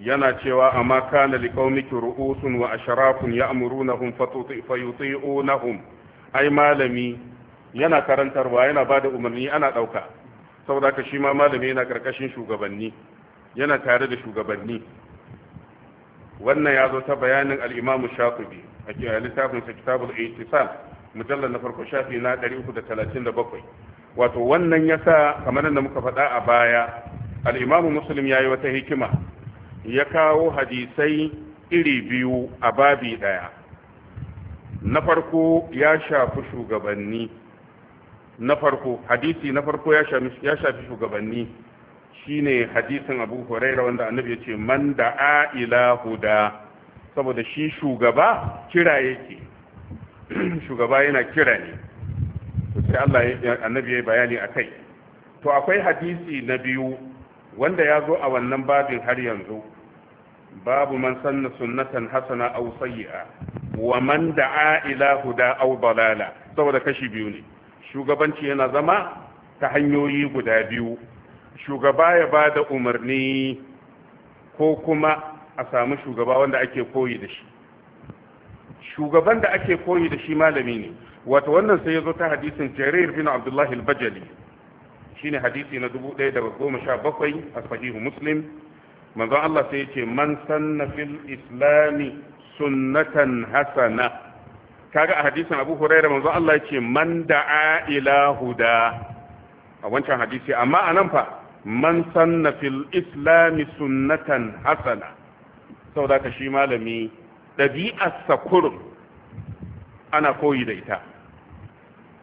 [SPEAKER 1] yana cewa amma kana liqaumiki ru'usun wa a ya ashrafun ya'murunahum fatuti'unahum ai malami yana karantarwa yana bada umarni ana ɗauka saboda ka shi ma malami yana ƙarƙashin shugabanni yana tare da shugabanni wannan ya zo ta bayanin al'imamu shafi a littafinsa kitabul itisal mujallar na farko shafi na 337 wato wannan ya sa kamar da muka faɗa a baya al'imamu muslim ya yi wata hikima ya kawo hadisai iri biyu a babi ɗaya na farko ya shafi shugabanni na farko hadisi na farko ya shafi shugabanni shine hadisin abu huraira wanda annabi ya ce man a ila huda saboda shi shugaba kira yake shugaba yana kira ne to sai Allah annabi ya bayani akai to akwai hadisi na biyu wanda ya zo a wannan babin har yanzu babu man sanna sunnatan hasana aw sayyi'a wa man da'a ila huda aw dalala saboda kashi biyu ne shugabanci yana zama ta hanyoyi guda biyu shugaba ya ba da umarni ko kuma a samu shugaba wanda ake koyi da shi shugaban da ake koyi da shi malami ne wata wannan sai ya zo ta hadisin jarir bin abdullahi al-bajali shine hadisi na 1117 a sahihu muslim manzon Allah sai ya ce man sanna fil islami sunnatan hasana kaga a hadisin abu huraira manzo Allah yake man da'a ila huda a wancan hadisi amma anan fa man sanna fil islam sunnatan hasana saboda ka shi malami ɗabi'arsa kurum ana koyi da ita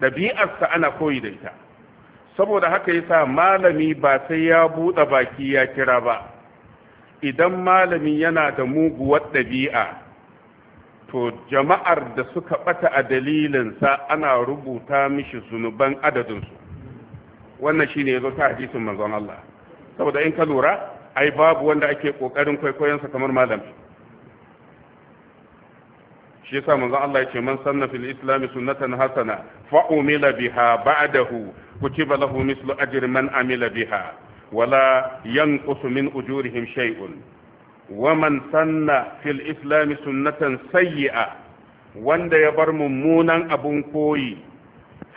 [SPEAKER 1] ɗabi'arsa ana koyi da ita saboda haka yasa malami ba sai ya buɗe baki ya kira ba idan malami yana da muguwar ɗabi'a to jama'ar da suka bata a dalilinsa ana rubuta mishi zunuban adadinsu wannan shine yazo ta hadisin manzon Allah saboda in ka lura ai babu wanda ake kokarin kwaikwayonsa kamar malami shi yasa manzon Allah yace man sanna fil islam sunnatan hasana fa umila biha ba'dahu kutiba lahu mislu ajri man amila biha wala yanqusu min ujurihim shay'un waman sanna fil islami sunnatan sayyi'a wanda ya bar mummunan abun koyi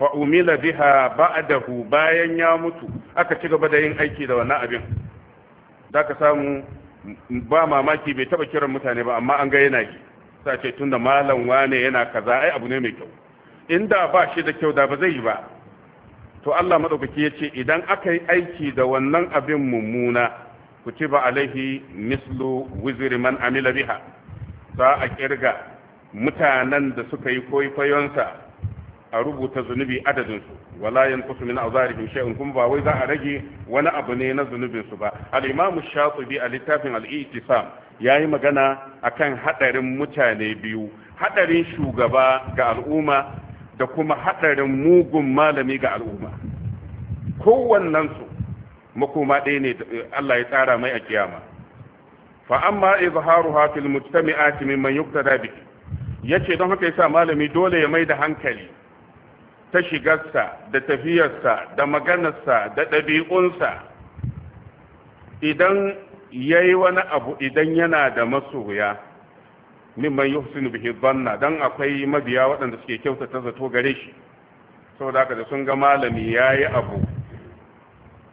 [SPEAKER 1] fa'umila biha ba'dahu bayan ya mutu aka ci gaba da yin aiki da wannan abin za ka samu ba mamaki bai taba kiran mutane ba amma an ga yana yi sa ce tunda malam wane yana kaza ai abu ne mai kyau inda ba shi da kyau da ba zai yi ba to Allah madaukaki ya ce idan aka yi aiki da wannan abin mummuna kutiba alaihi mislu wizri man amila biha za a kirga mutanen da suka yi koyfayonsa a rubuta zunubi adadinsu wala yanqusu min awzarihim shay'un kuma ba wai za a rage wani abu ne na zunubinsu ba al-imamu a littafin al ya yi magana a kan haɗarin mutane biyu haɗarin shugaba ga al'umma da kuma haɗarin mugun malami ga al'umma kowannen su makoma ɗaya ne eh, Allah ya tsara mai a kiyama fa amma ha fil mujtami'ati mimman yuqtada bihi yace don haka yasa malami dole ya mai da hankali ta shigarsa da tafiyarsa da maganarsa da ɗabi'unsa idan yayi wani abu idan yana da masoya mimman yuhsinu bihi dhanna dan akwai mabiya waɗanda suke kyautata zato gare shi saboda haka da sun ga malami yayi abu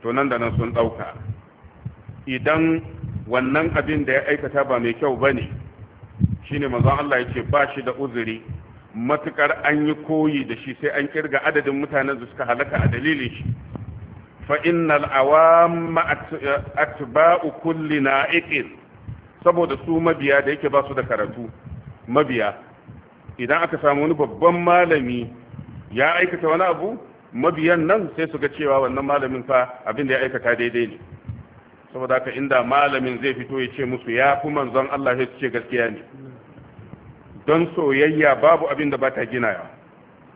[SPEAKER 1] to nan da nan sun ɗauka idan wannan abin da ya aikata ba mai kyau ba ne shine manzon Allah ya ce ba shi da uzuri matukar an yi koyi da shi sai an kirga adadin mutanen da suka halaka a dalilin shi fa innal awam atba'u kulli na'iqin saboda su mabiya da yake ba su da karatu mabiya idan aka samu wani babban malami ya aikata wani abu mabiyan nan sai su ga cewa wannan malamin fa abin da ya aikata daidai ne saboda haka inda malamin zai fito ya ce musu ya fi manzon Allah sai ce gaskiya ne don soyayya babu abin da ba ta gina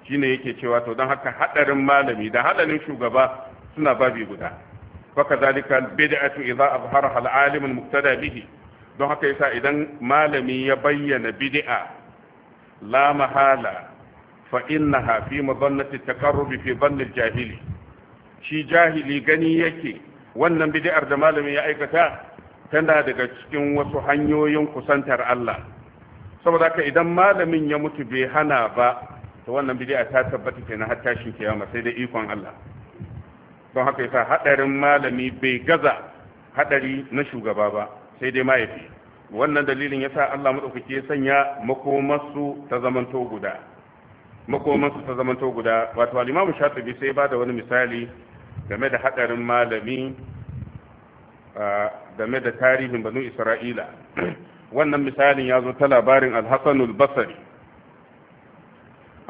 [SPEAKER 1] shi ne yake cewa to don haka haɗarin malami da haɗarin shugaba suna babi guda faka zalika bid'atu idza za al-alim al-muqtada bihi don haka yasa idan malami ya bayyana bid'a la mahala fa innaha fi madannati taqarrubi fi dhanni jahili shi jahili gani yake wannan bid'ar da malami ya aikata tana daga cikin wasu hanyoyin kusantar Allah saboda haka idan malamin ya mutu bai hana ba to wannan bid'a ta tabbata kenan har tashin kiyama sai da ikon Allah don haka yasa hadarin malami bai gaza hadari na shugaba ba sai dai mahaifi wannan dalilin yasa Allah madaukake ya sanya makomarsu ta zamanto guda makomansu ta zamanto guda wato alimamu shatibi sai ba da wani misali game da hadarin malami game da tarihin banu isra'ila wannan misalin ya zo ta labarin alhassanul basari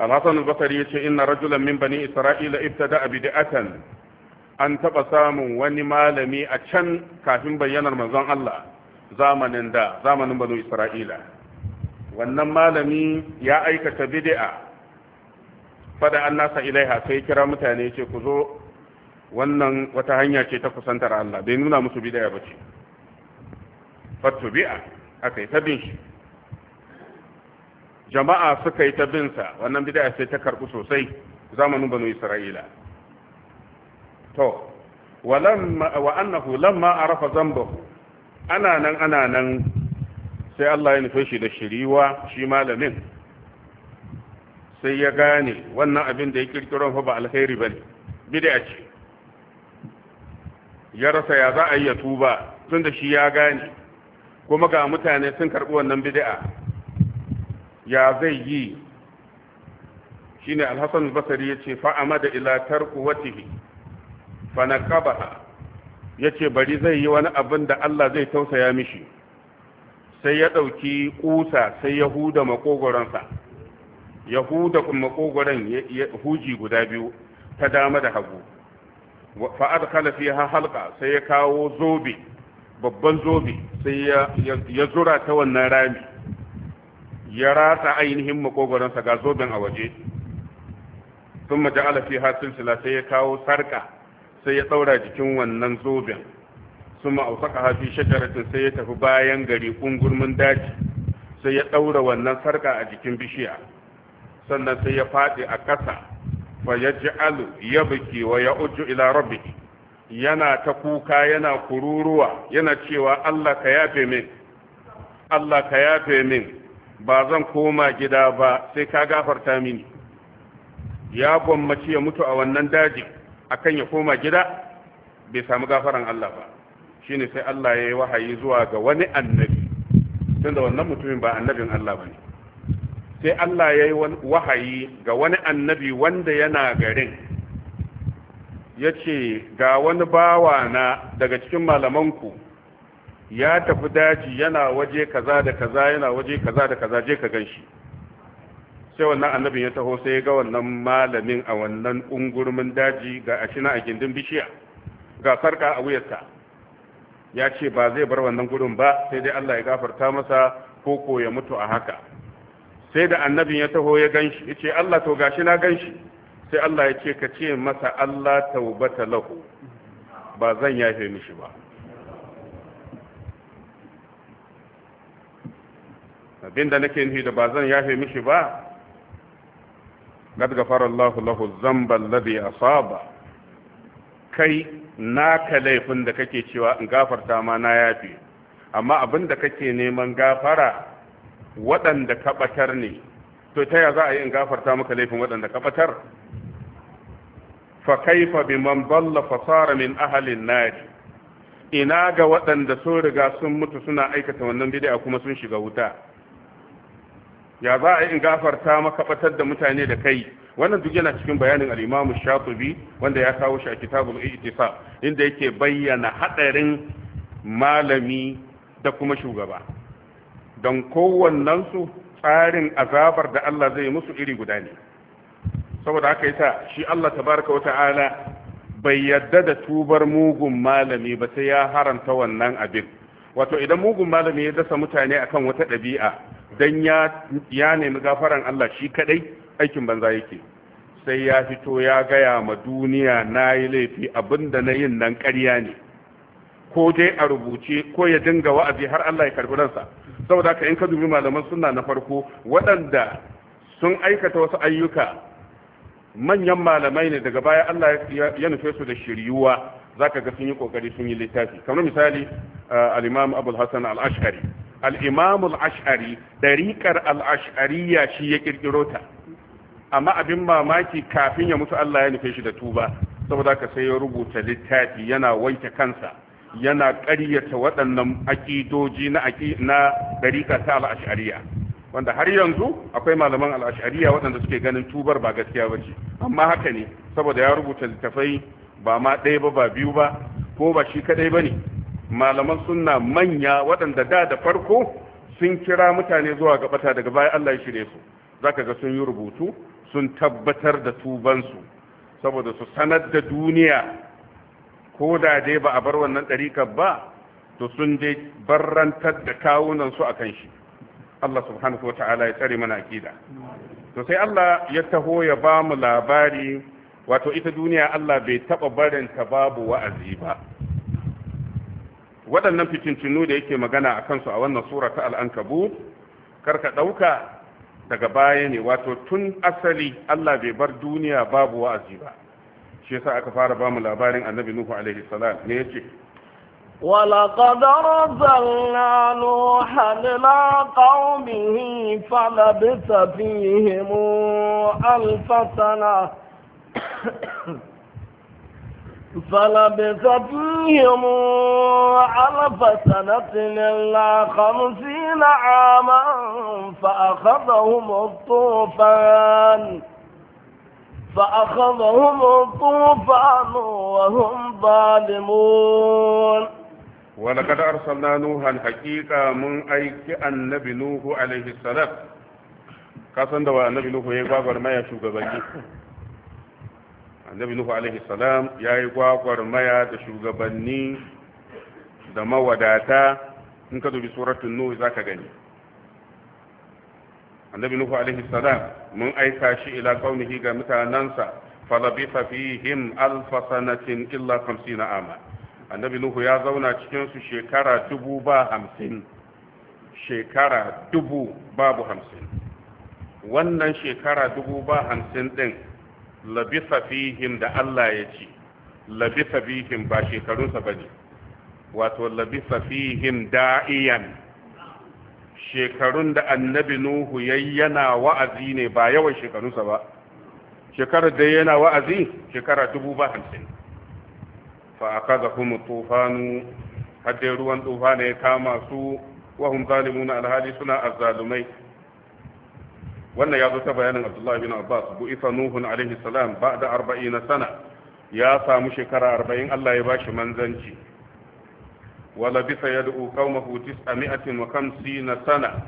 [SPEAKER 1] alhassanul basari ya ce ina rajulan min bani isra'ila ibtada abidatan an taɓa samun wani malami a can kafin bayyanar manzon Allah zamanin da zamanin banu isra'ila wannan malami ya aikata bid'a fada an nasa ilaiha sai kira mutane ce ku zo wannan wata hanya ce ta kusantar Allah bai nuna musu bidaya ba ce fattu bi'a aka yi ta bin shi jama'a suka yi ta bin sa wannan bidaya sai ta karbu sosai zamanin banu isra'ila to wa annahu lamma arafa zambahu ana nan ana nan sai Allah ya nufe shi da shiriwa shi malamin sai ya gane wannan abin da ya kirkiro fa ba alheri bane bid'a ce ya rasa ya za a yi ya tuba tunda shi ya gane kuma ga mutane sun karbi wannan bid'a ya zai yi shine al-Hasan al-Basri yace fa amada ila tarku watihi fa naqabaha yace bari zai yi wani abin da Allah zai tausaya mishi sai ya ɗauki ƙusa sai ya huda makogoransa yahuda huda makogoron huji guda biyu ta dama da hagu fa'ad kalafi ha halka sai ya kawo zobe babban zobe sai ya zura ta wannan rami ya rasa ainihin makogoronsa ga zoben a waje sun maja alafi ha silsila sai ya kawo sarka sai ya ɗaura jikin wannan zoben sun ma'ausaka hafi shajaratin sai ya tafi bayan gari ƙungurmin daji sai ya ɗaura wannan sarka a jikin bishiya sannan sai ya faɗi a ƙasa fa ya alu ya biki wa ya uju ila rabbi yana ta kuka yana kururuwa yana cewa Allah ka yafe min Allah ka yafe min ba zan koma gida ba sai ka gafarta mini ya gwammaci ya mutu a wannan daji akan ya koma gida bai samu gafaran Allah ba shine sai Allah ya yi wahayi zuwa ga wani annabi tunda wannan mutumin ba annabin Allah bane sai Allah ya yi wahayi ga wani annabi wanda yana garin ya ce ga wani bawana daga cikin malamanku ya tafi daji yana waje kaza da kaza yana waje kaza da kaza je ka gan sai wannan annabin ya taho sai ga wannan malamin a wannan ungurmin daji ga ashina a gindin bishiya ga sarka a wuyarsa ya ce ba zai bar wannan gurin ba sai dai Allah ya gafarta masa koko ya mutu a haka sai da annabin ya taho ya ganshi ya ce Allah to gashi na ganshi sai Allah ya ce ka ce masa Allah taubata lahu ba zan yafe mishi ba abinda nake nufi da ba zan yafe mishi ba gad gafara الله lahu الذنب alladhi asaba kai naka laifin da kake cewa in gafarta ma na yafe amma abinda kake neman gafara waɗanda ka ɓatar ne to ta ya za a yi in gafarta maka laifin waɗanda ka ɓatar fa bi man dalla fa min ahalin nari ina ga waɗanda sun riga sun mutu suna aikata wannan bid'a kuma sun shiga wuta ya za a yi in gafarta maka ɓatar da mutane da kai wannan duk yana cikin bayanin al-Imam wanda ya kawo shi a kitabul Ijtisab inda yake bayyana hadarin malami da kuma shugaba don su tsarin azabar da Allah zai musu iri guda ne saboda haka yasa shi Allah tabaraka wa ta'ala bai yadda da tubar mugun malami ba sai ya haramta wannan abin wato idan mugun malami ya dasa mutane akan wata ɗabi'a dan ya ya nemi gafaran Allah shi kadai aikin banza yake sai ya fito ya gaya ma duniya nayi laifi abinda na yin nan ƙarya ne ko dai a rubuce ko ya dinga wa'azi har Allah ya karbi ransa saboda ka in ka dubi malaman sunna na farko waɗanda sun aikata wasu ayyuka manyan malamai ne daga baya Allah ya nufe su da shiryuwa zaka ga sun yi kokari sun yi littafi kamar misali uh, al-Imam Abu Hassan al-Ash'ari al-Imam al-Ash'ari al-Ash'ariyya shi ya kirkiro ta amma abin mamaki kafin ya mutu Allah ya nufe shi da tuba saboda ka sai ya rubuta littafi yana wanke kansa yana ƙaryata waɗannan aƙidoji na na ɗariƙa ta al'ashariya wanda har yanzu akwai malaman al'ashariya waɗanda suke ganin tubar ba gaskiya ba ce amma haka ne saboda ya rubuta littafai ba ma ɗaya ba ba biyu ba ko ba shi kaɗai ba ne malaman suna manya waɗanda da da farko sun kira mutane zuwa gabata daga baya Allah ya shirye su zaka ga sun yi rubutu sun tabbatar da tubansu saboda su sanar da duniya ko da dai ba a bar wannan ɗarikar ba to sun dai barrantar da kawunan su akan shi Allah subhanahu wa ta'ala ya tsare mana akida to sai Allah ya taho ya ba mu labari wato ita duniya Allah bai taba barin ta babu wa'azi ba waɗannan fitintunu da yake magana a kansu a wannan sura ta al'ankabu karka ɗauka daga baya ne wato tun asali Allah bai bar duniya babu wa'azi ba shi yasa aka fara bamu labarin annabi nuhu alaihi salam ne yace
[SPEAKER 2] ولقد أرسلنا نوحا إلى قومه فلبث فيهم ألف سنة فلبث فيهم ألف سنة إلا خمسين عاما فأخذهم الطوفان فأخذهم الطوفان وهم ظالمون
[SPEAKER 1] ولقد أرسلنا نوحا حقيقة من أيك النبي da wa annabi nuhu ya gwagwar maya annabi nuhu alaihi salam ya yi gwagwar da shugabanni da mawadata in ka dubi suratun nuhu za ka gani annabi nuhu alaihi salam mun aika shi ila kaunihi ga mutanansa fa falabitha fihim alfa sanatin illa 50 ama annabi nuhu ya zauna cikin su shekara dubu ba hamsin shekara dubu babu hamsin wannan shekara dubu ba hamsin din labisa fihim da Allah ya ci. labisa fihim ba shekarunsa ba ne wato labisa fihim da'iyan shekarun da annabi nuhu yayi yana wa'azi ne ba yawan shekarunsa ba shekarar da yana wa'azi shekara dubu ba hamsin fa kuma tufanu hadde ruwan tufana ya kama su wa hum zalimuna alhali suna azzalumai wannan ya zo ta bayanin Abdullahi bin Abbas bu'itha Salaam alaihi salam ba'da 40 sana ya samu shekara 40 Allah ya bashi manzanci ya da'u يدعو tis'amiatin wa وخمسين Sana.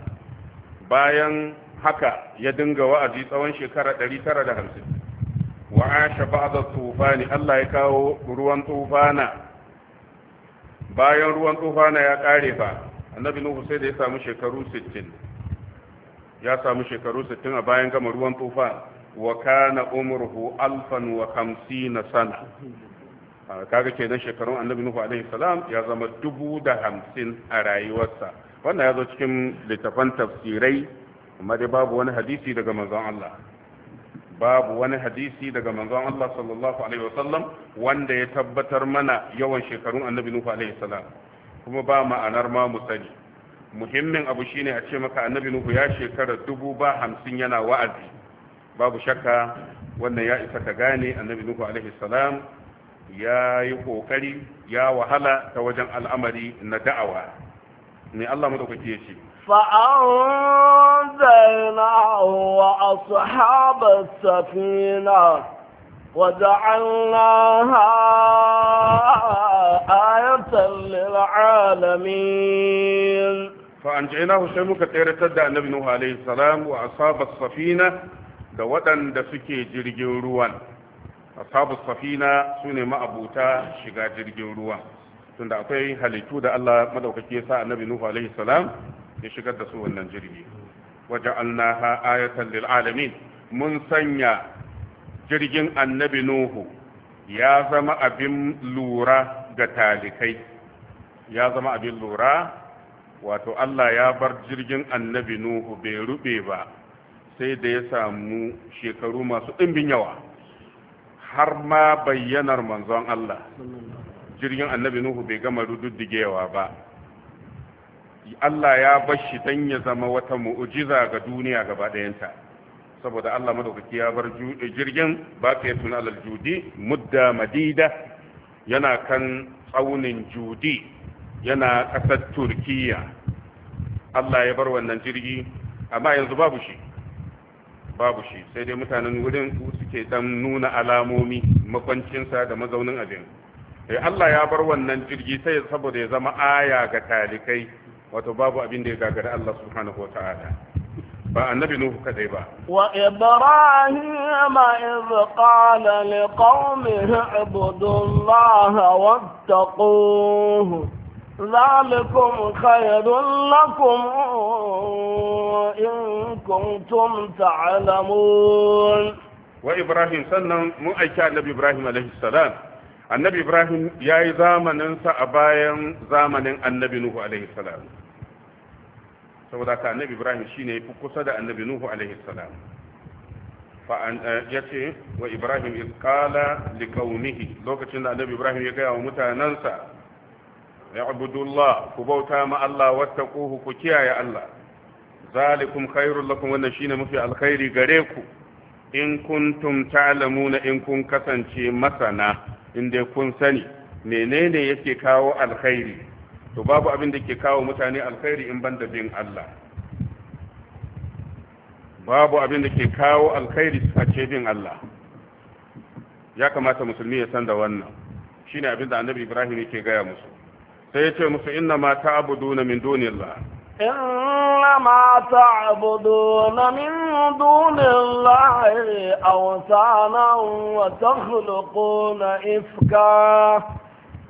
[SPEAKER 1] bayan haka ya dinga wa'azi tsawon shekara 950 wa asha ba'da tufani Allah ya kawo ruwan tufana bayan ruwan tufana ya kare fa annabi nuhu sai da ya samu shekaru 60 ya samu shekaru 60 a bayan gama ruwan tufana wa kana umruhu alfan wa 50 sana kaga kenan shekarun annabi nuhu alaihi salam ya zama dubu da hamsin a rayuwarsa wannan ya zo cikin littafan tafsirai amma dai babu wani hadisi daga manzon Allah babu wani hadisi daga manzon Allah sallallahu alaihi wasallam wanda ya tabbatar mana yawan shekarun annabi nuhu alaihi salam kuma ba ma'anar ma mu sani muhimmin abu shine a ce maka annabi nuhu ya shekara dubu ba hamsin yana wa'azi babu shakka wannan ya isa ka gane annabi nuhu alaihi salam ya yi kokari ya wahala ta wajen al'amari na da'awa ne Allah mu dauke ce
[SPEAKER 2] fa'anzaina wa ashabas safina waja'alnaha ayatan lil alamin fa'anzaina sai muka tsayar
[SPEAKER 1] da annabi Nuhu alaihi salam wa safina da waɗanda suke jirgin ruwan ashabu safina su ne ma'abuta shiga jirgin ruwa tunda akwai halittu da Allah madaukake sa annabi nuhu alaihi salam ya shigar da su wannan jirgi waja'alnaha ayatan lil alamin mun sanya jirgin annabi nuhu ya zama abin lura ga talikai ya zama abin lura wato Allah ya bar jirgin annabi nuhu bai rube ba sai da ya samu shekaru masu ɗimbin yawa har ma bayyanar manzon Allah jirgin annabi Nuhu bai gama rududdigewa ba Allah ya bashi dan ya zama wata mu'jiza ga duniya gaba ɗayanta saboda Allah madaukaki ya bar jirgin ba ta yafi na judi mudda madida yana kan tsaunin judi yana ƙasar turkiya Allah ya bar wannan jirgi amma yanzu babu shi babu shi sai dai mutanen wurin su suke dan nuna alamomi makwancinsa da mazaunin abin sai eh, Allah ya bar wannan jirgi sai saboda ya zama aya ga talikai wato babu abin da ya gagara Allah subhanahu wa ta'ala ba annabi nuhu kadai ba
[SPEAKER 2] wa ibrahim iz qala liqaumihi ibudullaha wattaquhu zalikum khayrun lakum in كنتم تعلمون وإبراهيم
[SPEAKER 1] سنن مؤيك النبي إبراهيم عليه السلام النبي إبراهيم ياي زامن سأبايا زامن النبي نوح عليه السلام saboda ka annabi ibrahim shine ya kusa da annabi nuhu alaihi salam ya ce wa ibrahim iskala liƙaunihi lokacin da annabi ibrahim ya gaya wa mutanansa. ya abudullah ku bauta ma allah wata ku kiyaye allah zalikum khairul lakum wannan shine mafi alkhairi gare ku in kuntum ta'lamuna in kun kasance masana in dai kun sani menene yake kawo alkhairi to babu abin da ke kawo mutane alkhairi in banda bin Allah babu abin da ke kawo alkhairi a ce bin Allah ya kamata musulmi ya san da wannan shine abin da annabi Ibrahim yake gaya musu sai ya ce musu inna ma ta'buduna min dunillahi
[SPEAKER 2] إنما تعبدون من دون الله أوثانا وتخلقون إفكا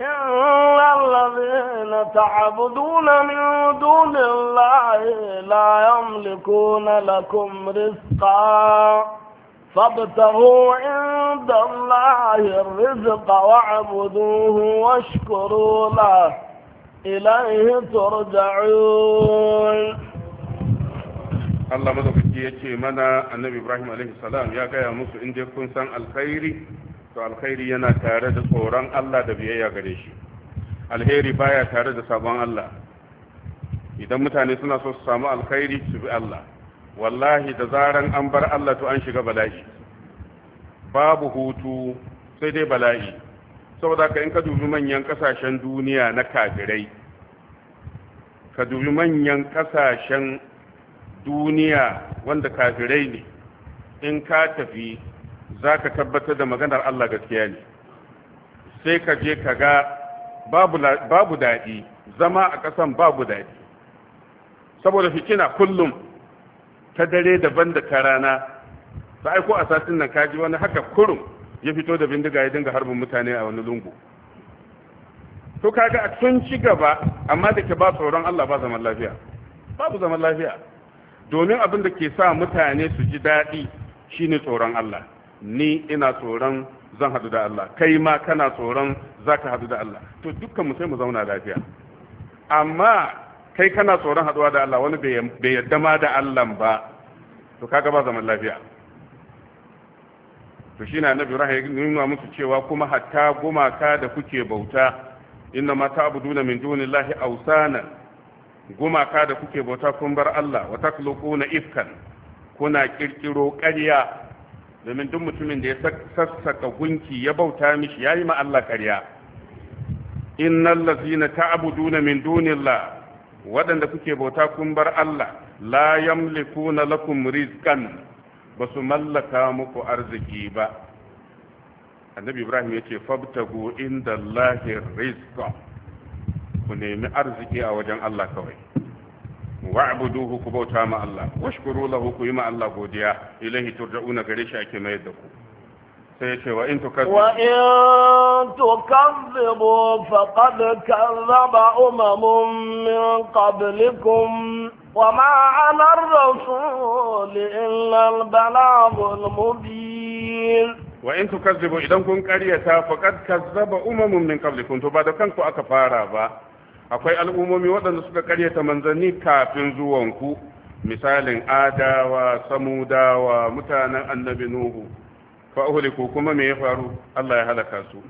[SPEAKER 2] إن الذين تعبدون من دون الله لا يملكون لكم رزقا فابتغوا عند الله الرزق واعبدوه واشكروا له إليه ترجعون
[SPEAKER 1] Allah madaukaki ya ce mana annabi Ibrahim salam ya gaya musu in dai kun san alkhairi to alkhairi yana tare da tsoron Allah da biyayya gare shi alheri baya tare da sabon Allah idan mutane suna so su samu alkhairi su bi Allah wallahi da zaran an bar Allah to an shiga bala'i babu hutu sai dai bala'i saboda ka in ka dubi manyan kasashen duniya na kafirai ka dubi manyan kasashen duniya wanda kafirai ne in ka tafi za ka tabbatar da maganar Allah gaskiya ne sai ka je ka ga babu daɗi zama a ƙasan babu daɗi saboda fitina kullum ta dare daban da ta rana ta aiko a satin nan kaji wani haka kurum ya fito da bindiga ya dinga harbin mutane a wani lungu to kaga sun ci gaba amma da ke ba tsoron Allah ba zaman lafiya babu zaman lafiya domin abin da ke sa mutane su ji daɗi shine tsoron Allah ni ina tsoron zan hadu da Allah kai ma kana tsoron zaka hadu da Allah to dukkan mu sai mu zauna lafiya amma kai kana tsoron haduwa da Allah wani bai yadda ma da Allah ba to kaga ba zaman lafiya to shi na annabi ibrahim nuna musu cewa kuma hatta gumaka da kuke bauta inna abu duna min duni dunillahi awsana gumaka da kuke bauta kun bar Allah wa na ifkan kuna kirkiro ƙarya domin duk mutumin da ya sassaka gunki ya bauta mishi ya yi ma Allah ƙarya ta abu duna min duni dunillahi waɗanda kuke bauta kun bar Allah la yamlikuna lakum rizqan ba su mallaka muku arziki ba annabi ibrahim ya ce fabtagu inda allahi rizqa ku nemi arziki a wajen allah kawai wa ku bauta ma allah washkuru lahu ku yi ma allah godiya ilahi turja'una gare shi ake mayar da ku sai ce wa in tukazzibu
[SPEAKER 2] faqad kazzaba umamun min qablikum وما على الرسول إلا البلاغ
[SPEAKER 1] idan kun تكذبوا إذا كن قرية min كذب to ba da kanku aka fara ba. akwai al'ummomi waɗanda suka karyata manzanni kafin zuwanku misalin adawa samudawa mutanen annabi nuhu ko kuma me ya faru Allah ya halaka su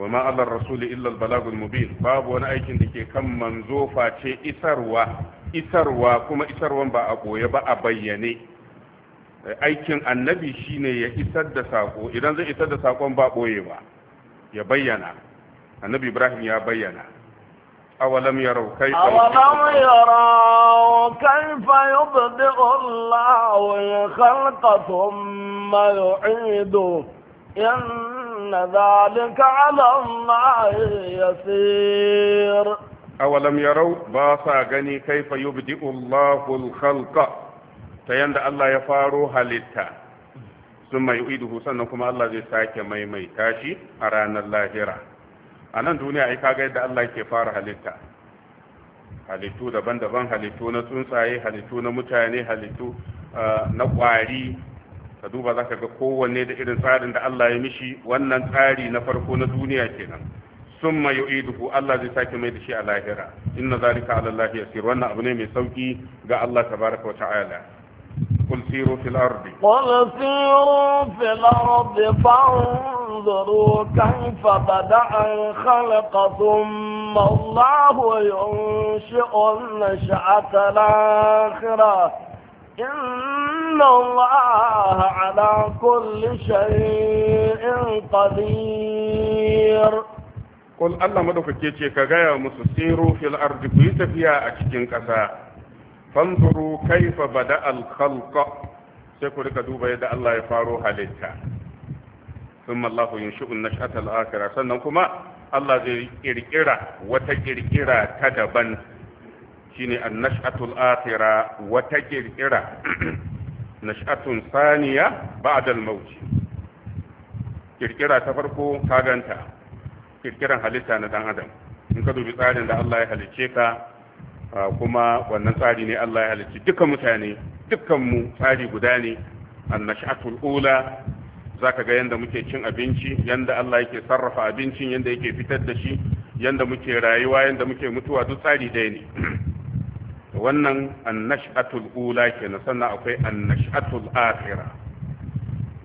[SPEAKER 1] wa ma Allah rasuli illa al-balagul mubin babu wani aikin da ke kan manzo face isarwa isarwa kuma isarwan ba a koye ba a bayyane aikin annabi shine ya isar da sako idan zai isar da sakon ba koye ba ya bayyana annabi Ibrahim ya bayyana أولم يروا كيف أولم
[SPEAKER 2] يروا كيف يبدئ الله الخلق ثم يعيده إن ذلك على الله يسير أولم يروا باسا غني كيف يبدئ الله
[SPEAKER 1] الخلق تيند الله يفارو هلتا ثم يعيده سنكم الله زي ساكي ميميتاشي أرانا جرا a nan duniya ai kaga yadda Allah ke fara halitta halittu daban-daban halittu na tsuntsaye halittu na mutane halittu ah, na ƙwari ka duba za ga kowanne da irin tsarin da Allah ya mishi wannan tsari na farko na duniya kenan sun yu'iduhu Allah zai sake mai da shi a lahira inna zalika ala Allah yasir wannan abu ne mai sauki ga Allah tabaraka wa ta'ala قل سيروا في الأرض
[SPEAKER 2] قل سيروا في الأرض فانظروا كيف بدأ الخلق ثم الله ينشئ النشأة الآخرة إن الله على كل شيء قدير
[SPEAKER 1] قل الله مدوك كيتي كغايا مسسيروا في الأرض يا أشكين كذا fanzuru kaifa bada al-khalqa sai ku rika duba yadda Allah ya faro halitta ثم الله ينشئ النشأة الآخرة sannan kuma Allah zai kirkira wata kirkira ta daban shine annash'atul akhira wata kirkira nash'atun saniya ba'da al-maut kirkira ta farko ka ganta kirkiran halitta na dan adam in ka dubi tsarin da Allah ya halicce ka Ah, kuma wannan tsari ne Allah ya halicci dukkan mutane dukkan mu tsari guda ne annashatul ula zaka ga yanda muke cin abinci yanda Allah yake sarrafa abincin yanda yake fitar da shi yanda muke rayuwa yanda muke mutuwa duk tsari dai ne wannan annashatul ula kenan sannan akwai annashatul akhirah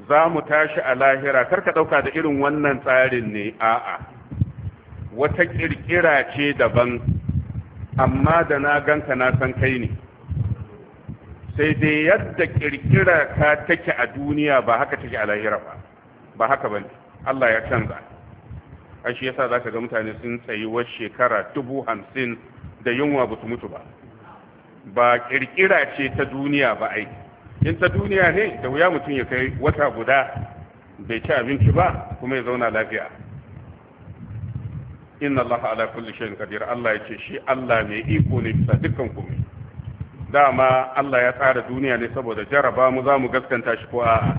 [SPEAKER 1] za mu tashi a lahira karka dauka da irin wannan tsarin ne a'a wata kirkira ce daban amma da na ganka na san kai ne sai dai yadda kirkira ka take a duniya ba haka take a lahira ba ba haka bane Allah ya canza a shi yasa zaka ga mutane sun tsayi wa shekara dubu hamsin da yunwa ba su mutu ba ba kirkira ce ta duniya ba ai in ta duniya ne da wuya mutum ya kai wata guda bai ci abinci ba kuma ya zauna lafiya inna Allah ala kulli shay'in qadir Allah ya ce shi Allah mai iko ne bisa dukkan komai dama Allah ya tsara duniya ne saboda jaraba mu za mu gaskanta shi ko a'a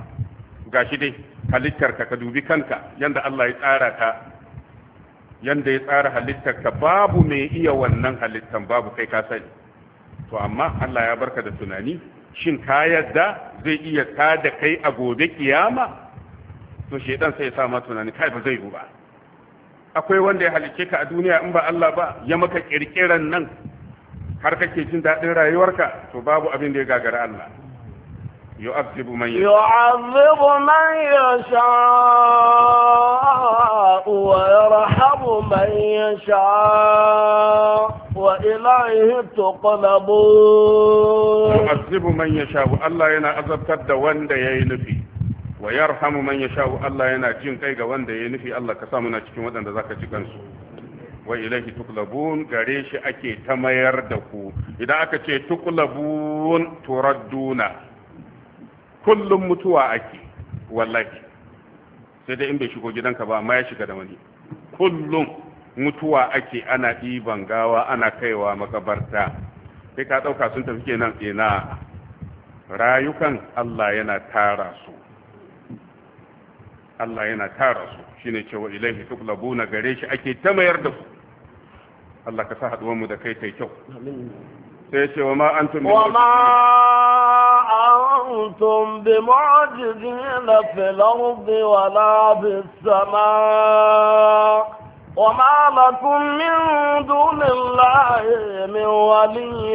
[SPEAKER 1] gashi dai halittar ka ka dubi kanka yanda Allah ya tsara ta yanda ya tsara halittar ka babu mai iya wannan halittar babu kai ka sani to amma Allah ya barka da tunani shin ka yadda zai iya da kai a gobe kiyama to shedan sai ya sa ma tunani kai ba zai yi ba akwai wanda ya halice ka a duniya in ba Allah ba ya maka kirkiran nan har kake jin daɗin rayuwarka to babu abin da ya gagara Allah يعذب من يشاء
[SPEAKER 2] يعذب من يشاء ويرحم من يشاء وإليه تقلبون
[SPEAKER 1] يعذب من يشاء الله ينا أذب كد وند nufi. wa yarhamu man yasha'u Allah yana jin kai ga wanda ya nufi Allah ka sa muna cikin waɗanda zaka ci kansu wa ilaihi tuklabun gare shi ake ta mayar da ku idan aka ce tuklabun turadduna kullum mutuwa ake wallahi sai dai in bai shigo gidanka ba amma ya shiga da wani kullum mutuwa ake ana ɗiban gawa ana kaiwa makabarta sai ka ɗauka sun tafi kenan ina rayukan Allah yana tara su Allah yana tara su shine cewa ilaihi tuqlabuna gare shi ake ta mayar da ku Allah ka sa haduwar mu da kai tai kyau sai ya ce wa ma antum wa ma
[SPEAKER 2] antum bi mu'jizin fil ardi wa la bis samaa وما لكم من دون الله من ولي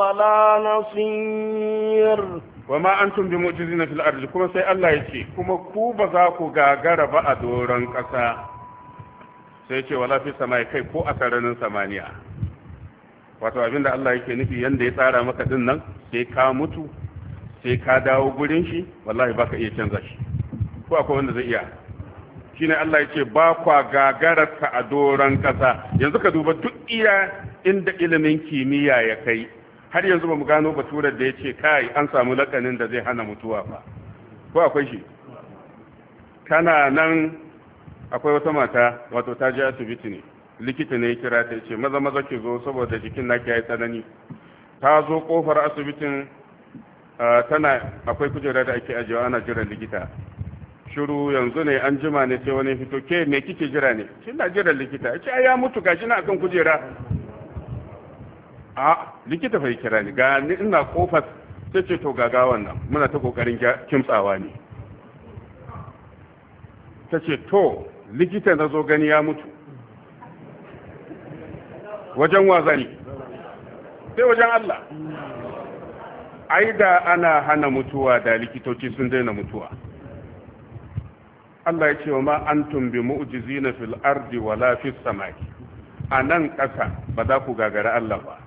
[SPEAKER 2] ولا نصير
[SPEAKER 1] wa ma antum bi mu'jizina fil ardi kuma sai Allah ya ce
[SPEAKER 2] kuma ku ba za
[SPEAKER 1] ku gagara ba a doron ƙasa sai ce wala fi samai kai ko a sararin samaniya wato abinda Allah yake nufi yanda ya tsara maka din nan sai ka mutu sai ka dawo gurin shi wallahi baka iya canza shi ko akwai wanda zai iya shine Allah yake ba kwa gagararka a doron kasa yanzu ka duba duk iya inda ilimin kimiyya ya kai har yanzu ba mu gano baturar da ya ce kai an samu lakanin da zai hana mutuwa ba ko akwai shi tana nan akwai wata mata wato ta je asibiti ne likita ne ya kira ta ce maza maza ki zo saboda jikin naki yayi tsanani ta zo kofar asibitin tana akwai kujera da ake ajiyewa ana jiran likita shiru yanzu ne an jima ne sai wani fito ke me kike jira ne na jiran likita ce ai ya mutu gashi na akan kujera a likita bai kira ni ga ni ina kofar ta ce to gaga wannan muna ta kokarin kimtsawa ne ta ce to likita na zo gani ya mutu wajen waza ne sai wajen Allah ai da ana hana mutuwa da likitoci sun daina mutuwa Allah ya ce wa ma antum bi mu'jizina fil ardi wala fis samai anan ƙasa ba za ku gagara Allah ba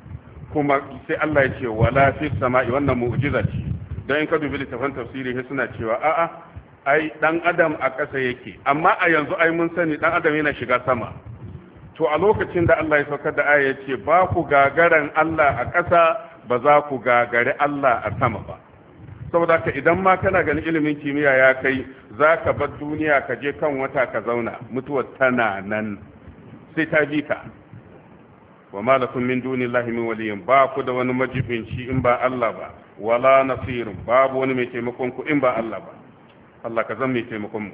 [SPEAKER 1] kuma sai Allah ya ce wala fi sama'i wannan mu'jiza ce dan in ka dubi littafin tafsiri sai suna cewa a'a ai dan adam a ƙasa yake amma a yanzu ai mun sani dan adam yana shiga sama to a lokacin da Allah ya saukar da aya ce ba ku gagaran Allah a ƙasa ba za ku gagari Allah a sama ba saboda ka idan ma kana ganin ilimin kimiyya ya kai za ka bar duniya ka je kan wata ka zauna mutuwar tana nan sai ta bi ka وما لكم من دون الله من ولي باكو دون مجب شي إن با الله با ولا نصير باب ون ميتمكم إن با الله با الله كزم ميتمكم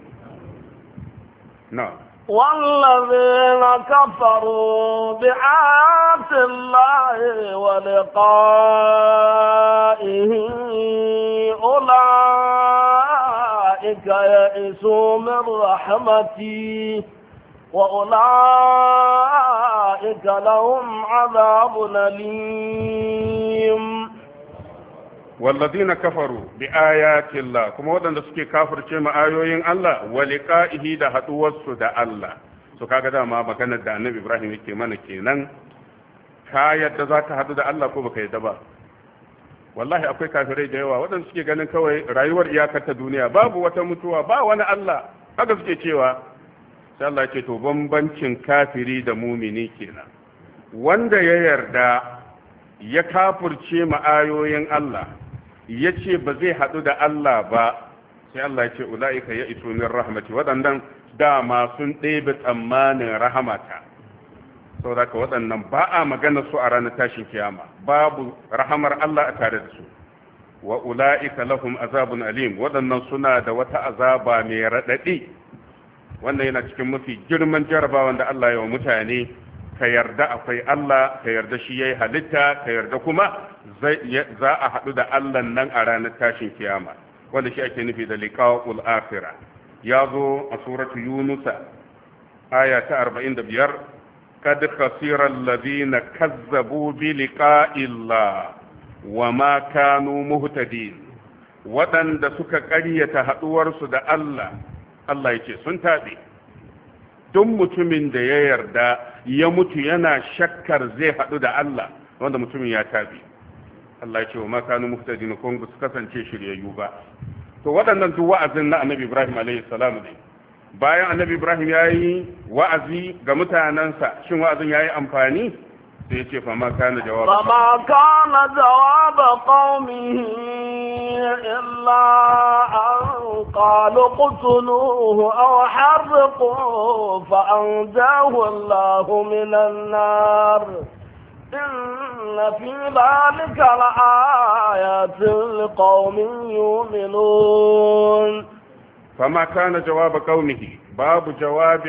[SPEAKER 1] نعم
[SPEAKER 2] والذين كفروا بآيات الله ولقائه أولئك يئسوا من رحمتي وأولئك أولئك لهم عذاب أليم
[SPEAKER 1] والذين كفروا بآيات الله كما ودن سكي كافر كما آيوين الله ولقائه ده هتوسو ده الله سو كاكا ده ما بكنا ده النبي إبراهيم يكي من كينان كاية ده ذاك هدو ده الله كوبا كي دبا wallahi akwai kafirai da yawa waɗanda suke ganin kawai rayuwar iyakar ta duniya babu wata mutuwa ba wani Allah sai Allah ce to bambancin kafiri da mumini kenan wanda ya yarda ya kafurce ma'ayoyin Allah ya ce ba zai haɗu da Allah ba sai Allah ya ce ula'ika ya iso min rahmati waɗannan dama sun ɗebe tsammanin rahamata saboda waɗannan ba a magana su a ranar tashin kiyama babu rahamar Allah a tare da su wa ula'ika lahum azabun alim waɗannan suna da wata azaba mai raɗaɗi wannan yana cikin mafi girman jarabawan da Allah ya wa mutane ka yarda akwai Allah ka yarda shi yayi halitta ka yarda kuma za a haɗu da Allah nan a ranar tashin kiyama wanda shi ake nufi da liqa'ul akhirah ya zo a suratu yunusa aya ta 45 kad khasira alladhina kazzabu bi liqa'illah wa ma kanu muhtadin waɗanda suka ƙaryata haɗuwarsu da Allah Allah ya ce sun taɓe duk mutumin da ya yarda ya mutu yana shakkar zai haɗu da Allah wanda mutumin ya taɓe Allah ya ce wa makanu kun su kasance shiryayyu ba to waɗannan duk wa'azin na Annabi Ibrahim alayhi salam ne bayan Annabi Ibrahim yayi wa'azi ga mutanansa shin wa'azin ya yi amfani sai ce fama kana jawaba
[SPEAKER 2] fama kana jawaba qaumihi illa an qalu qutluhu aw harqu fa anzahu Allah min an-nar إن في ذلك لآيات لقوم يؤمنون فما كان جواب
[SPEAKER 1] قومه باب جواب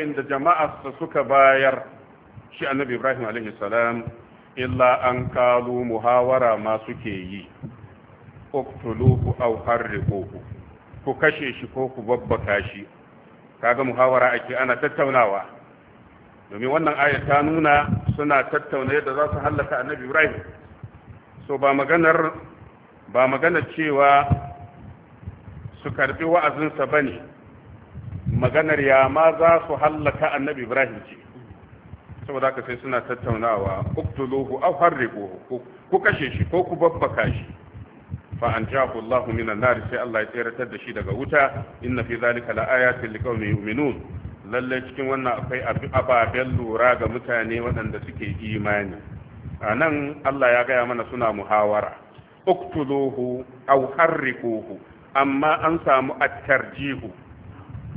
[SPEAKER 1] shi annabi ibrahim alaihi salam illa an kalu muhawara ma suke yi uktuluhu aw harriquhu ku kashe shi ko ku babbaka shi kaga muhawara ake ana tattaunawa domin wannan aya ta nuna suna tattauna yadda za su hallaka annabi ibrahim so ba maganar ba maganar cewa su karbi wa'azinsa bane maganar ya ma za su hallaka annabi ibrahim ce saboda haka sai suna tattaunawa uktuluhu aw harriquhu ku kashe shi ko ku babbaka shi fa anjahu Allah minan nar sai Allah ya tseratar da shi daga wuta inna fi zalika laayatin liqaumin yu'minun lalle cikin wannan akwai ababen lura ga mutane waɗanda suke imani a nan Allah ya gaya mana suna muhawara uktuluhu aw harriquhu amma an samu at-tarjihu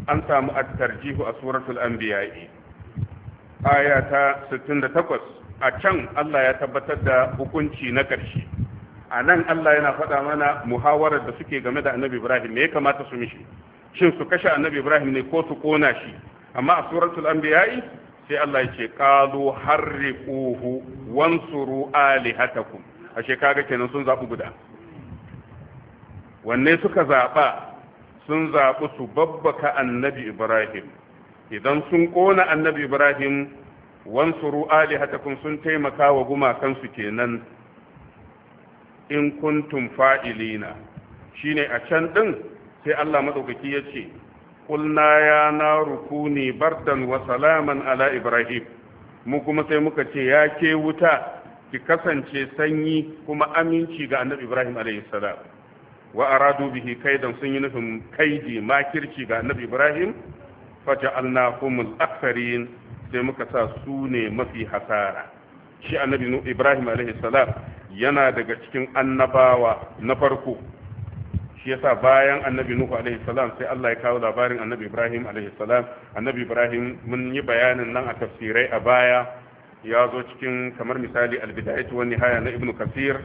[SPEAKER 1] an samu at-tarjihu a suratul anbiya'i aya ta 68 a can Allah ya tabbatar da hukunci na ƙarshe a nan Allah yana faɗa mana muhawarar da suke game da annabi Ibrahim me ya kamata su mishi shin su kashe annabi Ibrahim ne ko su kona shi amma a suratul anbiya'i sai Allah ya ce qalu harriquhu wansuru alihatakum a kaga kenan sun zaɓi guda wanne suka zaɓa sun zaɓi su babbaka annabi Ibrahim idan sun kona annabi ibrahim wansuru alihatakum sun taimaka wa gumakansu kenan in kuntum fa'ilina shine a can ɗin, sai Allah madaukaki ya ce qulna ya naru kuni bardan wa salaman ala ibrahim mu kuma sai muka ce ya ke wuta ki kasance sanyi kuma aminci ga annabi ibrahim alayhi salam wa aradu bihi kaidan sun yi nufin kaidi makirci ga annabi ibrahim faja'alna humul aktharin sai muka sa su ne mafi hasara shi annabi nu ibrahim alaihi salam yana daga cikin annabawa na farko shi yasa bayan annabi nuhu alaihi salam sai Allah ya kawo labarin annabi ibrahim alaihi salam annabi ibrahim mun yi bayanin nan a tafsirai a baya ya zo cikin kamar misali albidayatu wa nihaya na ibnu kasir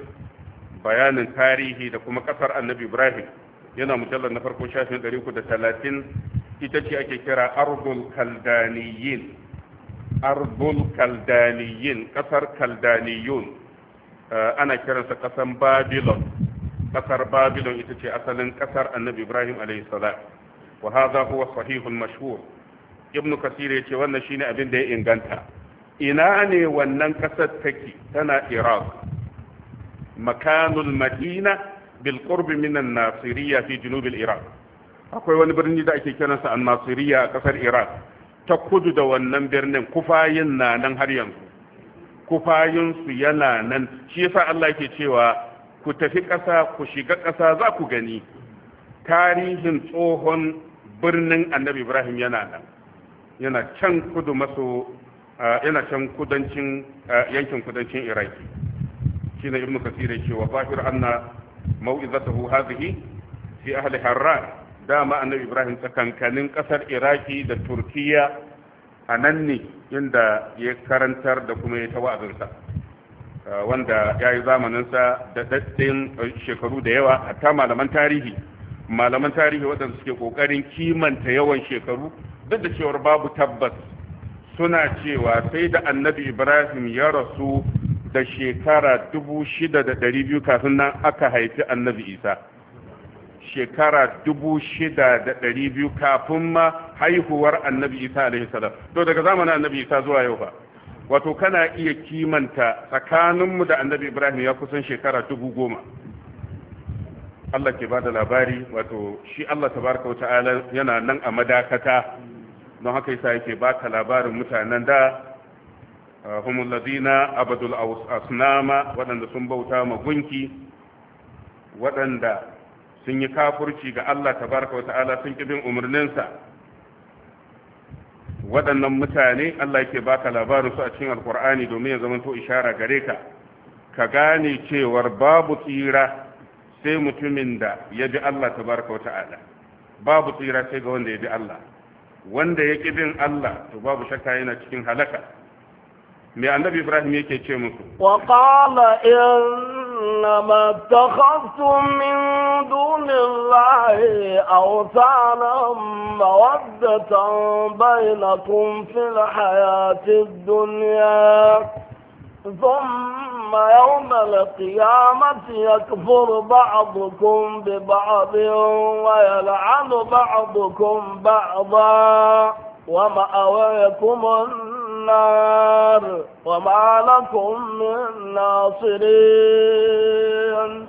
[SPEAKER 1] bayanin tarihi da kuma kasar annabi ibrahim yana mujallar na farko shafin 330 ita ce ake kira ardul kaldaniyin ardul kaldaniyin kasar kaldaniyun eh, ana kiransa kasar babylon kasar babylon ita ce asalin kasar annabi ibrahim alaihissalam wa hadha huwa sahihul mashhur ibnu kasir yace wannan shine abin da ya inganta ina ne wannan kasar take tana iraq makanul madina bil minan min an-nasiriyya fi junub al-iraq akwai wani birni da ake kiransa an nasiriya a kasar iraq ta kudu da wannan birnin kufayin na nan har yanzu kufayinsu yana nan shi yasa allah ke cewa ku tafi ƙasa ku shiga ƙasa za ku gani tarihin tsohon birnin annabi ibrahim yana nan yana can kudu maso yana can kudancin yankin kudancin iraki shi ne ibn kasir ya wa zahir anna mau'izatahu hadhihi fi ahli harra. dama annabi ibrahim tsakankanin kasar iraki da turkiya a nan ne inda ya karantar da kuma ya ta uh, wanda ya yi zamaninsa da daɗin uh, shekaru da yawa hatta malaman tarihi malaman tarihi waɗanda suke ƙoƙarin kimanta yawan shekaru duk da cewar babu tabbas suna cewa sai da annabi ibrahim ya rasu da shekara dubu shida da ɗari biyu kafin nan aka haifi annabi isa shekara dubu shida da ɗari biyu kafin ma haihuwar annabi isa alaihi salam to daga zamanin annabi isa zuwa yau ba wato kana iya kimanta tsakaninmu da annabi ibrahim ya kusan shekara dubu goma allah ke ba da labari wato shi allah tabaraka wata'ala yana nan a madakata don haka isa yake baka labarin mutanen da humul ladina abadul asnama waɗanda sun bauta ma gunki waɗanda sun yi kafurci ga Allah tabaraka wa ta'ala sun ƙi umarninsa waɗannan mutane Allah yake baka labarin su a cikin alkur'ani domin ya zamanto ishara gare ka ka gane cewar babu tsira sai mutumin da ya ji Allah tabaraka wa ta'ala babu tsira sai ga wanda ya bi Allah wanda ya ƙi bin Allah to babu shakka yana cikin halaka me annabi Ibrahim yake ce musu
[SPEAKER 2] wa qala in إنما اتخذتم من دون الله أوثانا مودة بينكم في الحياة الدنيا ثم يوم القيامة يكفر بعضكم ببعض ويلعن بعضكم بعضا ومأويكم النار النار وما لكم من ناصرين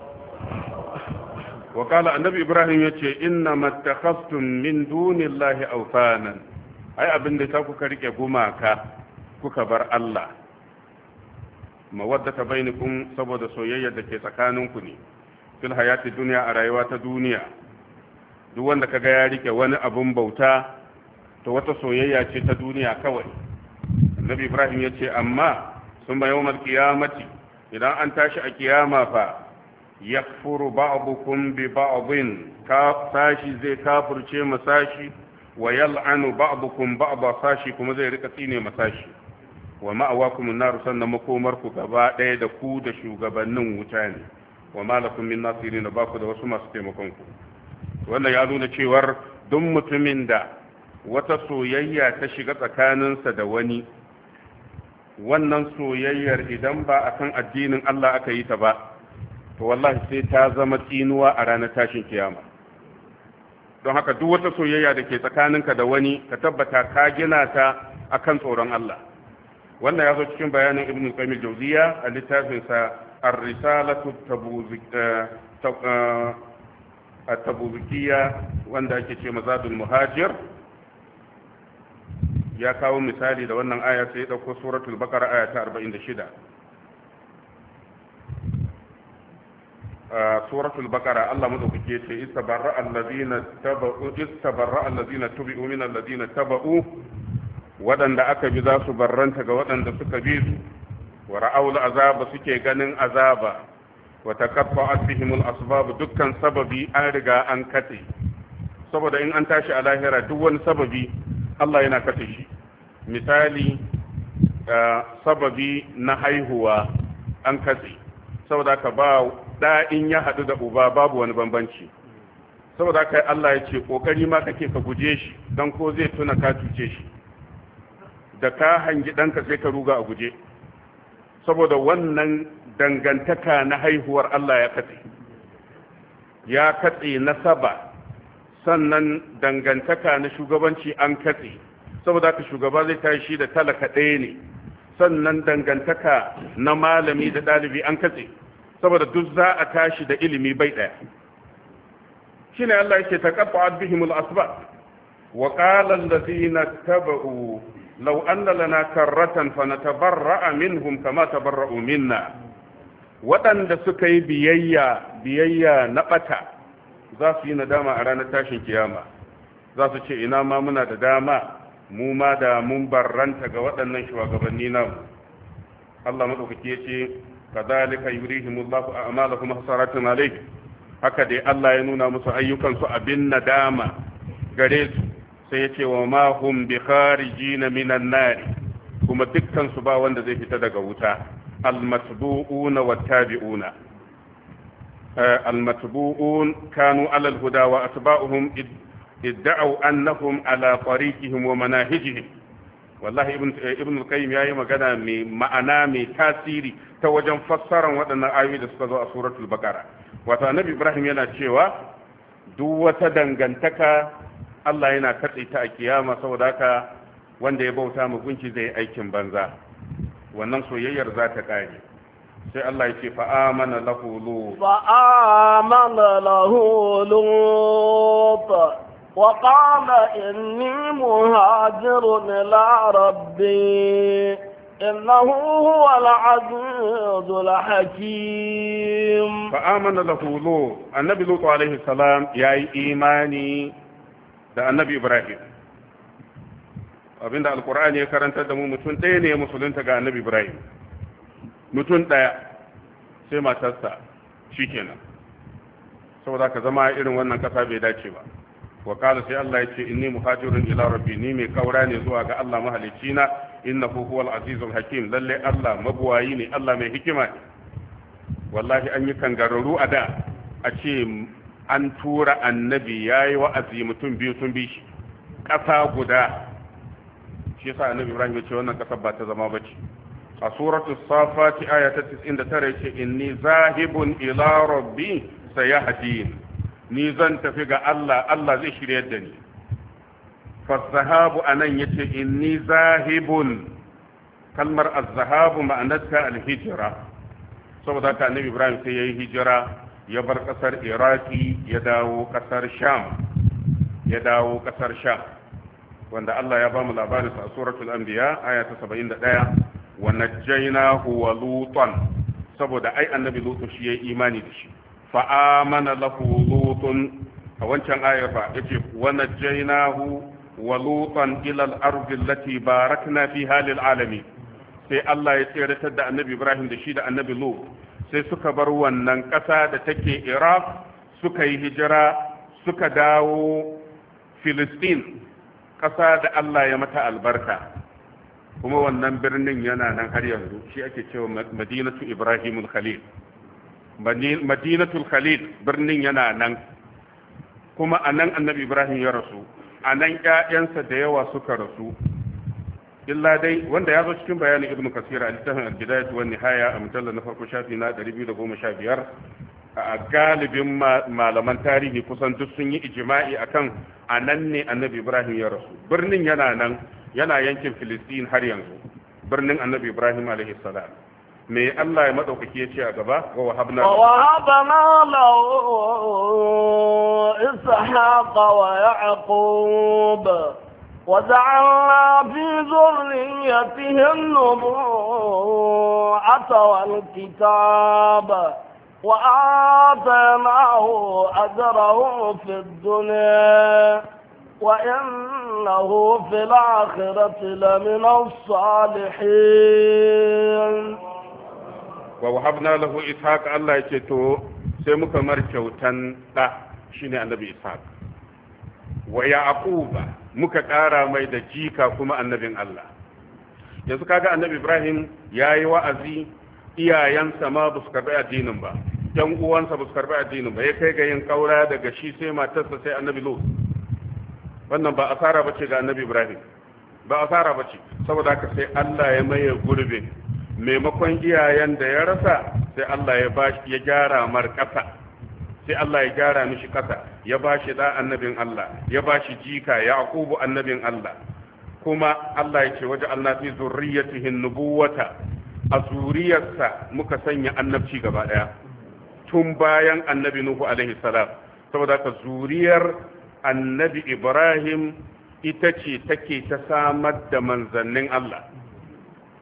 [SPEAKER 1] وقال النبي إبراهيم يتي إنما اتخذتم من دون الله أوثانا أي أبن لتاكو كريك غماكا كبر الله mawaddata bainakum saboda soyayya da ke tsakaninku ne fil hayati duniya a rayuwa ta duniya duk wanda ga ya rike wani abun bauta to wata soyayya ce ta duniya kawai nabi ibrahim ya ce amma sun bayan yawmal qiyamati idan an tashi a kiyama fa yakfuru ba'dukum bi ba'abin sashi zai kafurce masashi wa yal'anu ba'dukum ba'da sashi kuma zai rika tsine masashi wa ma'awakum an-nar sannan makomar ku gaba ɗaya da ku da shugabannin wuta ne wa malakum min nasirin ba ku da wasu masu taimakon ku wannan ya nuna cewar duk mutumin da wata soyayya ta shiga tsakaninsa da wani wannan soyayyar idan ba a kan addinin Allah aka yi ta ba to wallahi sai ta zama tsinuwa a ranar tashin kiyama don haka duk wata soyayya da ke tsakaninka da wani ka tabbata ka gina ta akan tsoron Allah wannan ya zo cikin bayanin ibn qayyim al-jawziya a littafin sa ar-risalatu eh, eh, at wanda ake ce mazadul muhajir ya kawo misali da wannan aya sai ya dauko suratul baqara aya ta 46 ah, suratul Bakara, Allah madaukake kuke ce istabarra allazina tabu istabarra allazina tubu min allazina tabu wadanda aka bi za su barranta ga wadanda suka bi su wa ra'awul azaba suke ganin azaba wa taqatta'at bihimul asbab dukkan sababi an riga an kate saboda in an tashi a lahira duk wani sababi Allah yana kashe shi misali sababi na haihuwa an katse saboda ka ba da in ya haɗu da uba babu wani bambanci saboda kai Allah ya ce kokari ma kake ka guje shi dan ko zai tuna ka cuce shi da ka hangi ɗanka sai ka ruga a guje saboda wannan dangantaka na haihuwar Allah ya katse ya katse nasaba sannan dangantaka na shugabanci an katse saboda ka shugaba zai tashi da talaka ɗaya ne sannan dangantaka na malami da ɗalibi an katse saboda duk za a tashi da ilimi bai ɗaya shi ne Allah yake ta kafa bihimul asba wa qala allazina tabau law anna lana karratan fa natabarra'a minhum kama tabarra'u minna waɗanda suka yi biyayya biyayya na ɓata za su yi nadama a ranar tashin kiyama za su ce ina ma muna da dama mu ma da mun barranta ga waɗannan shugabanni namu Allah madaukake ce kadhalika yurihimullahu a'malahum hasaratun alayh haka dai Allah ya nuna musu ayyukan su abin nadama gare su sai ya ce wa ma hum bi kharijin minan nar kuma dukkan su ba wanda zai fita daga wuta al-masbu'una wat-tabi'una المتبوؤون كانوا على الهدى وأتباعهم ادعوا أنهم على طريقهم ومناهجهم والله ابن ابن القيم yayi magana mai ma'ana mai tasiri ta wajen fassarar waɗannan ayoyi da suka zo a suratul baqara wato annabi ibrahim yana cewa duk wata dangantaka Allah yana katse ta a kiyama saboda haka wanda ya bauta mugunci zai aikin banza wannan soyayyar zata ta kare sai Allah yake fa amana lahu lut
[SPEAKER 2] fa amana lahu lut وقال إني مهاجر إلى ربي إنه هو العزيز
[SPEAKER 1] الحكيم فآمن له لوط النبي لوط عليه السلام يا إيماني ده النبي إبراهيم abinda alkur'ani ya karanta da mu mutum ɗaya ne musulunta ga annabi ibrahim mutum ɗaya sai matarsa shi kenan saboda ka zama irin wannan ƙasa bai dace ba wa kala sai Allah ya ce inni muhajirun ila rabbi ni mai kaura ne zuwa ga Allah na, innahu huwal azizul hakim lalle Allah mabuwayi ne Allah mai hikima ne wallahi an yi kangararru a da a ce an tura annabi yayi wa'azi mutum biyu sun bi shi ƙasa guda shi yasa annabi Ibrahim ya ce wannan ƙasar ba ta zama ba ce. a suratu safati aya ta 99 yake inni zahibun ila rabbi sayahdin ni zan tafi ga Allah Allah zai shiryar da ni fasahabu anan yace inni zahibun kalmar zahabu ma'anarta alhijra saboda ka annabi Ibrahim sai yayi hijira ya bar kasar Iraki ya dawo kasar Sham ya dawo kasar Sham wanda Allah ya ba mu labarin sa a suratul anbiya aya ta 71 wa najjaynahu wa saboda ai annabi lutu shi yayi imani da shi fa amana lahu lutun a wancan ayar fa ce. wa najjaynahu wa lutan ila al-ardi allati barakna fiha lil sai Allah ya tsiratar da annabi Ibrahim da shi da annabi Lut sai suka bar wannan ƙasa da take Iraq suka yi hijira suka dawo Filistin ƙasa da Allah ya mata albarka kuma wannan birnin yana nan har yanzu shi ake cewa madinatu ibrahimul khalil madinatul khalil birnin yana nan kuma a nan annabi ibrahim ya rasu a nan ƴaƴansa da yawa suka rasu illa dai wanda ya zo cikin bayanin ibnu kasira a littafin al-bidayat wa nihaya a mujallal na farko shafi na 215 a galibin malaman tarihi kusan duk sun yi ijma'i akan a nan ne annabi ibrahim ya rasu birnin yana nan yana yankin filistin har yanzu birnin annabi ibrahim alaihi me allah ya maɗaukaki ya ce a gaba wa wahabna
[SPEAKER 2] wahabna وجعلنا في ذريته النبوءة والكتاب وآتيناه أجره في الدنيا وإنه في الآخرة لمن الصالحين
[SPEAKER 1] ووهبنا له إسحاق الله يكتو سيمك مرشو تن لا شيني النبي إسحاق ويا أقوبة مك كارا ميدا جيكا كما annabin الله yanzu kaga annabi Ibrahim ya yi wa'azi iyayensa ma ba su karɓi addinin ba ‘yan uwansa ba su karɓi addinin ba ya kai ga yin ƙaura daga shi sai matarsa sai annabi Lut wannan ba asara bace ga annabi ibrahim ba asara bace saboda haka sai Allah ya maye gurbin maimakon iyayen da ya rasa sai Allah ya ba ya gyara mar kasa sai Allah ya gyara mishi ƙasa ya ba shi da annabin Allah ya ba shi jika yaqubu annabin Allah kuma Allah ya ce waje Allah fi zurriyatihin nubuwata a zuriyarsa muka sanya annabci gaba daya tun bayan annabi nuhu alaihi salam saboda ka zuriyar annabi ibrahim ita ce take ta samar da manzannin Allah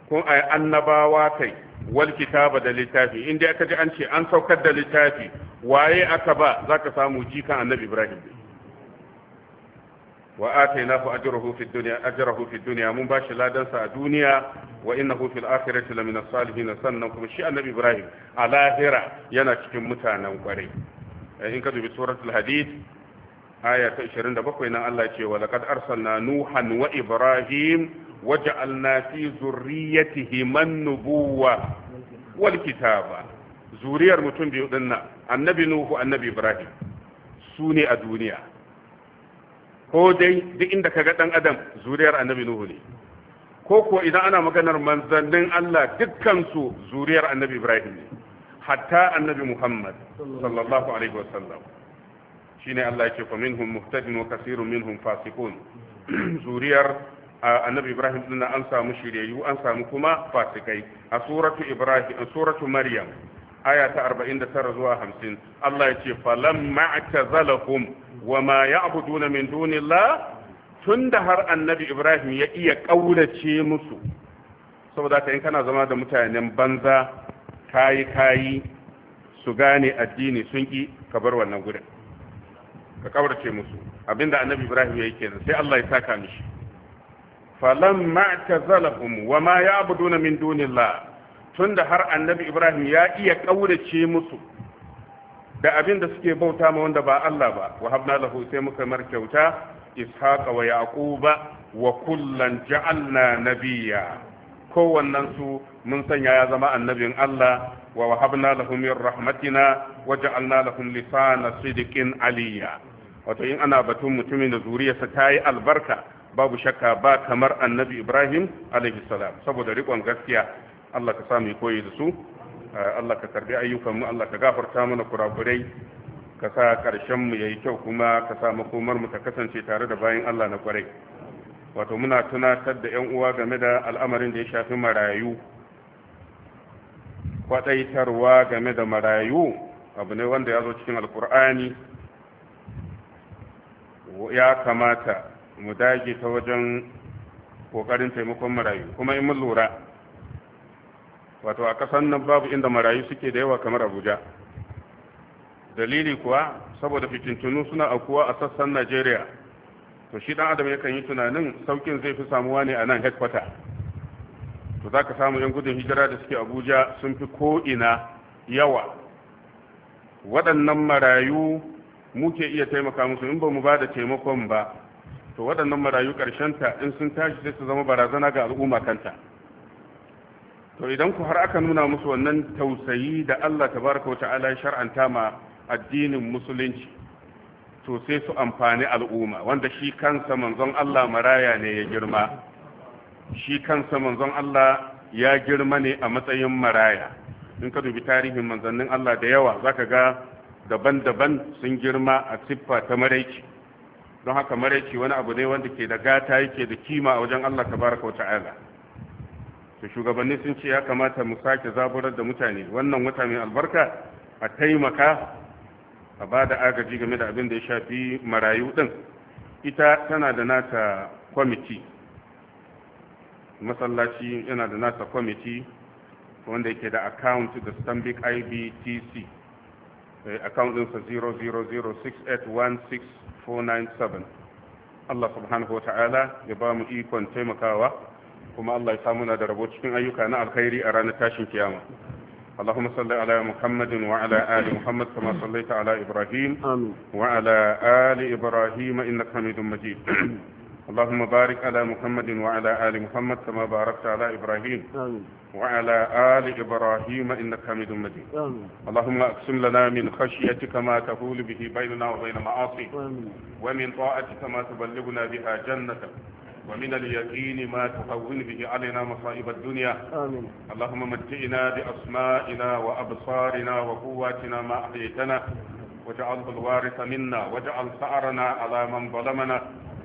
[SPEAKER 1] kun ai annabawa kai wal kitaba da littafi inda aka ji an ce an saukar da littafi waye aka ba zaka samu jikan annabi ibrahim wa atainahu ajrahu fid dunya ajrahu fid duniya? mun bashi shi sa a duniya wa innahu fil akhirati lamina salihin sannan kuma shi annabi ibrahim a lahira yana cikin mutanen kwarai eh, in ka dubi suratul hadid aya ta 27 nan Allah ce wa laqad arsalna nuhan wa ibrahim waja'alna fi zurriyyatihim an-nubuwwa wal kitaba zuriyar mutum biyu dinnan annabi nuhu annabi ibrahim su ne a duniya ko dai duk inda kaga dan adam zuriyar annabi nuhu ne ko ko idan ana maganar manzannin Allah dukkan su zuriyar annabi ibrahim ne hatta annabi muhammad sallallahu alaihi wasallam shine Allah yake fa minhum muhtadin wa kasirun minhum fasiqun zuriyar annabi Ibrahim din an samu shiryayyu an samu kuma fasikai a suratu Ibrahim suratu Maryam aya ta 49 zuwa 50 Allah yace falam ma'tazalahum wa ma ya'buduna min dunillah tunda har annabi Ibrahim ya iya kaurace musu saboda ka in kana zama da mutanen banza kayi kayi su gane addini sun ki ka bar wannan gurin ka ƙaurace musu abinda annabi ibrahim yayi kenan sai Allah ya saka mishi falamma tazalahum wa ma ya'buduna min dunillah tunda har annabi ibrahim ya iya kaurace musu da abin da suke bauta ma wanda ba Allah ba wa habna lahu sai muka mar kyauta ishaqa wa yaquba wa kullan ja'alna nabiyya kowannen su mun sanya ya zama annabin Allah ووهبنا لهم من رحمتنا وجعلنا لهم لسان صدق عليا wato in ana batun mutumin da zuriyarsa ta yi albarka babu shakka ba kamar annabi ibrahim alaihi salam saboda riƙon gaskiya allah ka sami koyi da su allah ka karbi ayyukanmu allah ka gafarta mana kurakurai ka sa ƙarshenmu ya yi kyau kuma ka sa makomarmu ta kasance tare da bayan allah na kwarai wato muna tunatar da 'yan uwa game da al'amarin da ya shafi marayu kwadaitarwa game da marayu abu ne wanda ya zo cikin alkur'ani ya kamata mu dage ta wajen kokarin taimakon marayu kuma in mun lura wato a kasan nan babu inda marayu suke da yawa kamar abuja dalili kuwa saboda fitintunu suna akuwa a sassan najeriya to shi dan adam yakan yi tunanin saukin zai fi samuwa ne a nan headquarter to za ka samu 'yan gudun hijira da suke abuja sun fi ko'ina yawa waɗannan marayu muke iya taimaka musu in ba mu ba da taimakon ba to waɗannan marayu ta in sun tashi sai su zama barazana ga al'umma kanta to idan ku har aka nuna musu wannan tausayi da allah tabaraka wa ta'ala ya shar'anta ma addinin musulunci to sai su amfani al'umma wanda shi kansa manzon allah maraya ne ya girma shi kansa manzon Allah ya girma ne a matsayin maraya in ka dubi tarihin manzannin Allah da yawa zaka ga daban-daban sun girma a siffa ta maraici don haka maraici wani abu ne wanda ke da gata yake da kima a wajen Allah tabaraka wata'ala to shugabanni sun ce ya kamata mu sake zaburar da mutane wannan wata mai albarka a taimaka a ba da agaji game da abin da ya shafi marayu din ita tana da nata kwamiti masallaci yana da nasa kwamiti wanda yake da account da stanbic ibtc eh, account ɗinsa Allah subhanahu wa ta'ala ya ba mu ikon taimakawa kuma Allah ya samuna da rabo cikin ayyuka na alkhairi a ranar tashin kiyama اللهم صل على محمد وعلى آل محمد كما صليت على إبراهيم وعلى آل إبراهيم إنك حميد مجيد اللهم بارك على محمد وعلى آل محمد كما باركت على إبراهيم آمين. وعلى آل إبراهيم إنك حميد مجيد آمين. اللهم أقسم لنا من خشيتك ما تحول به بيننا وبين معاصيك ومن طاعتك ما تبلغنا بها جنتك ومن اليقين ما تهون به علينا مصائب الدنيا آمين. اللهم متئنا بأسمائنا وأبصارنا وقواتنا ما أحييتنا واجعله الوارث منا واجعل ثأرنا على من ظلمنا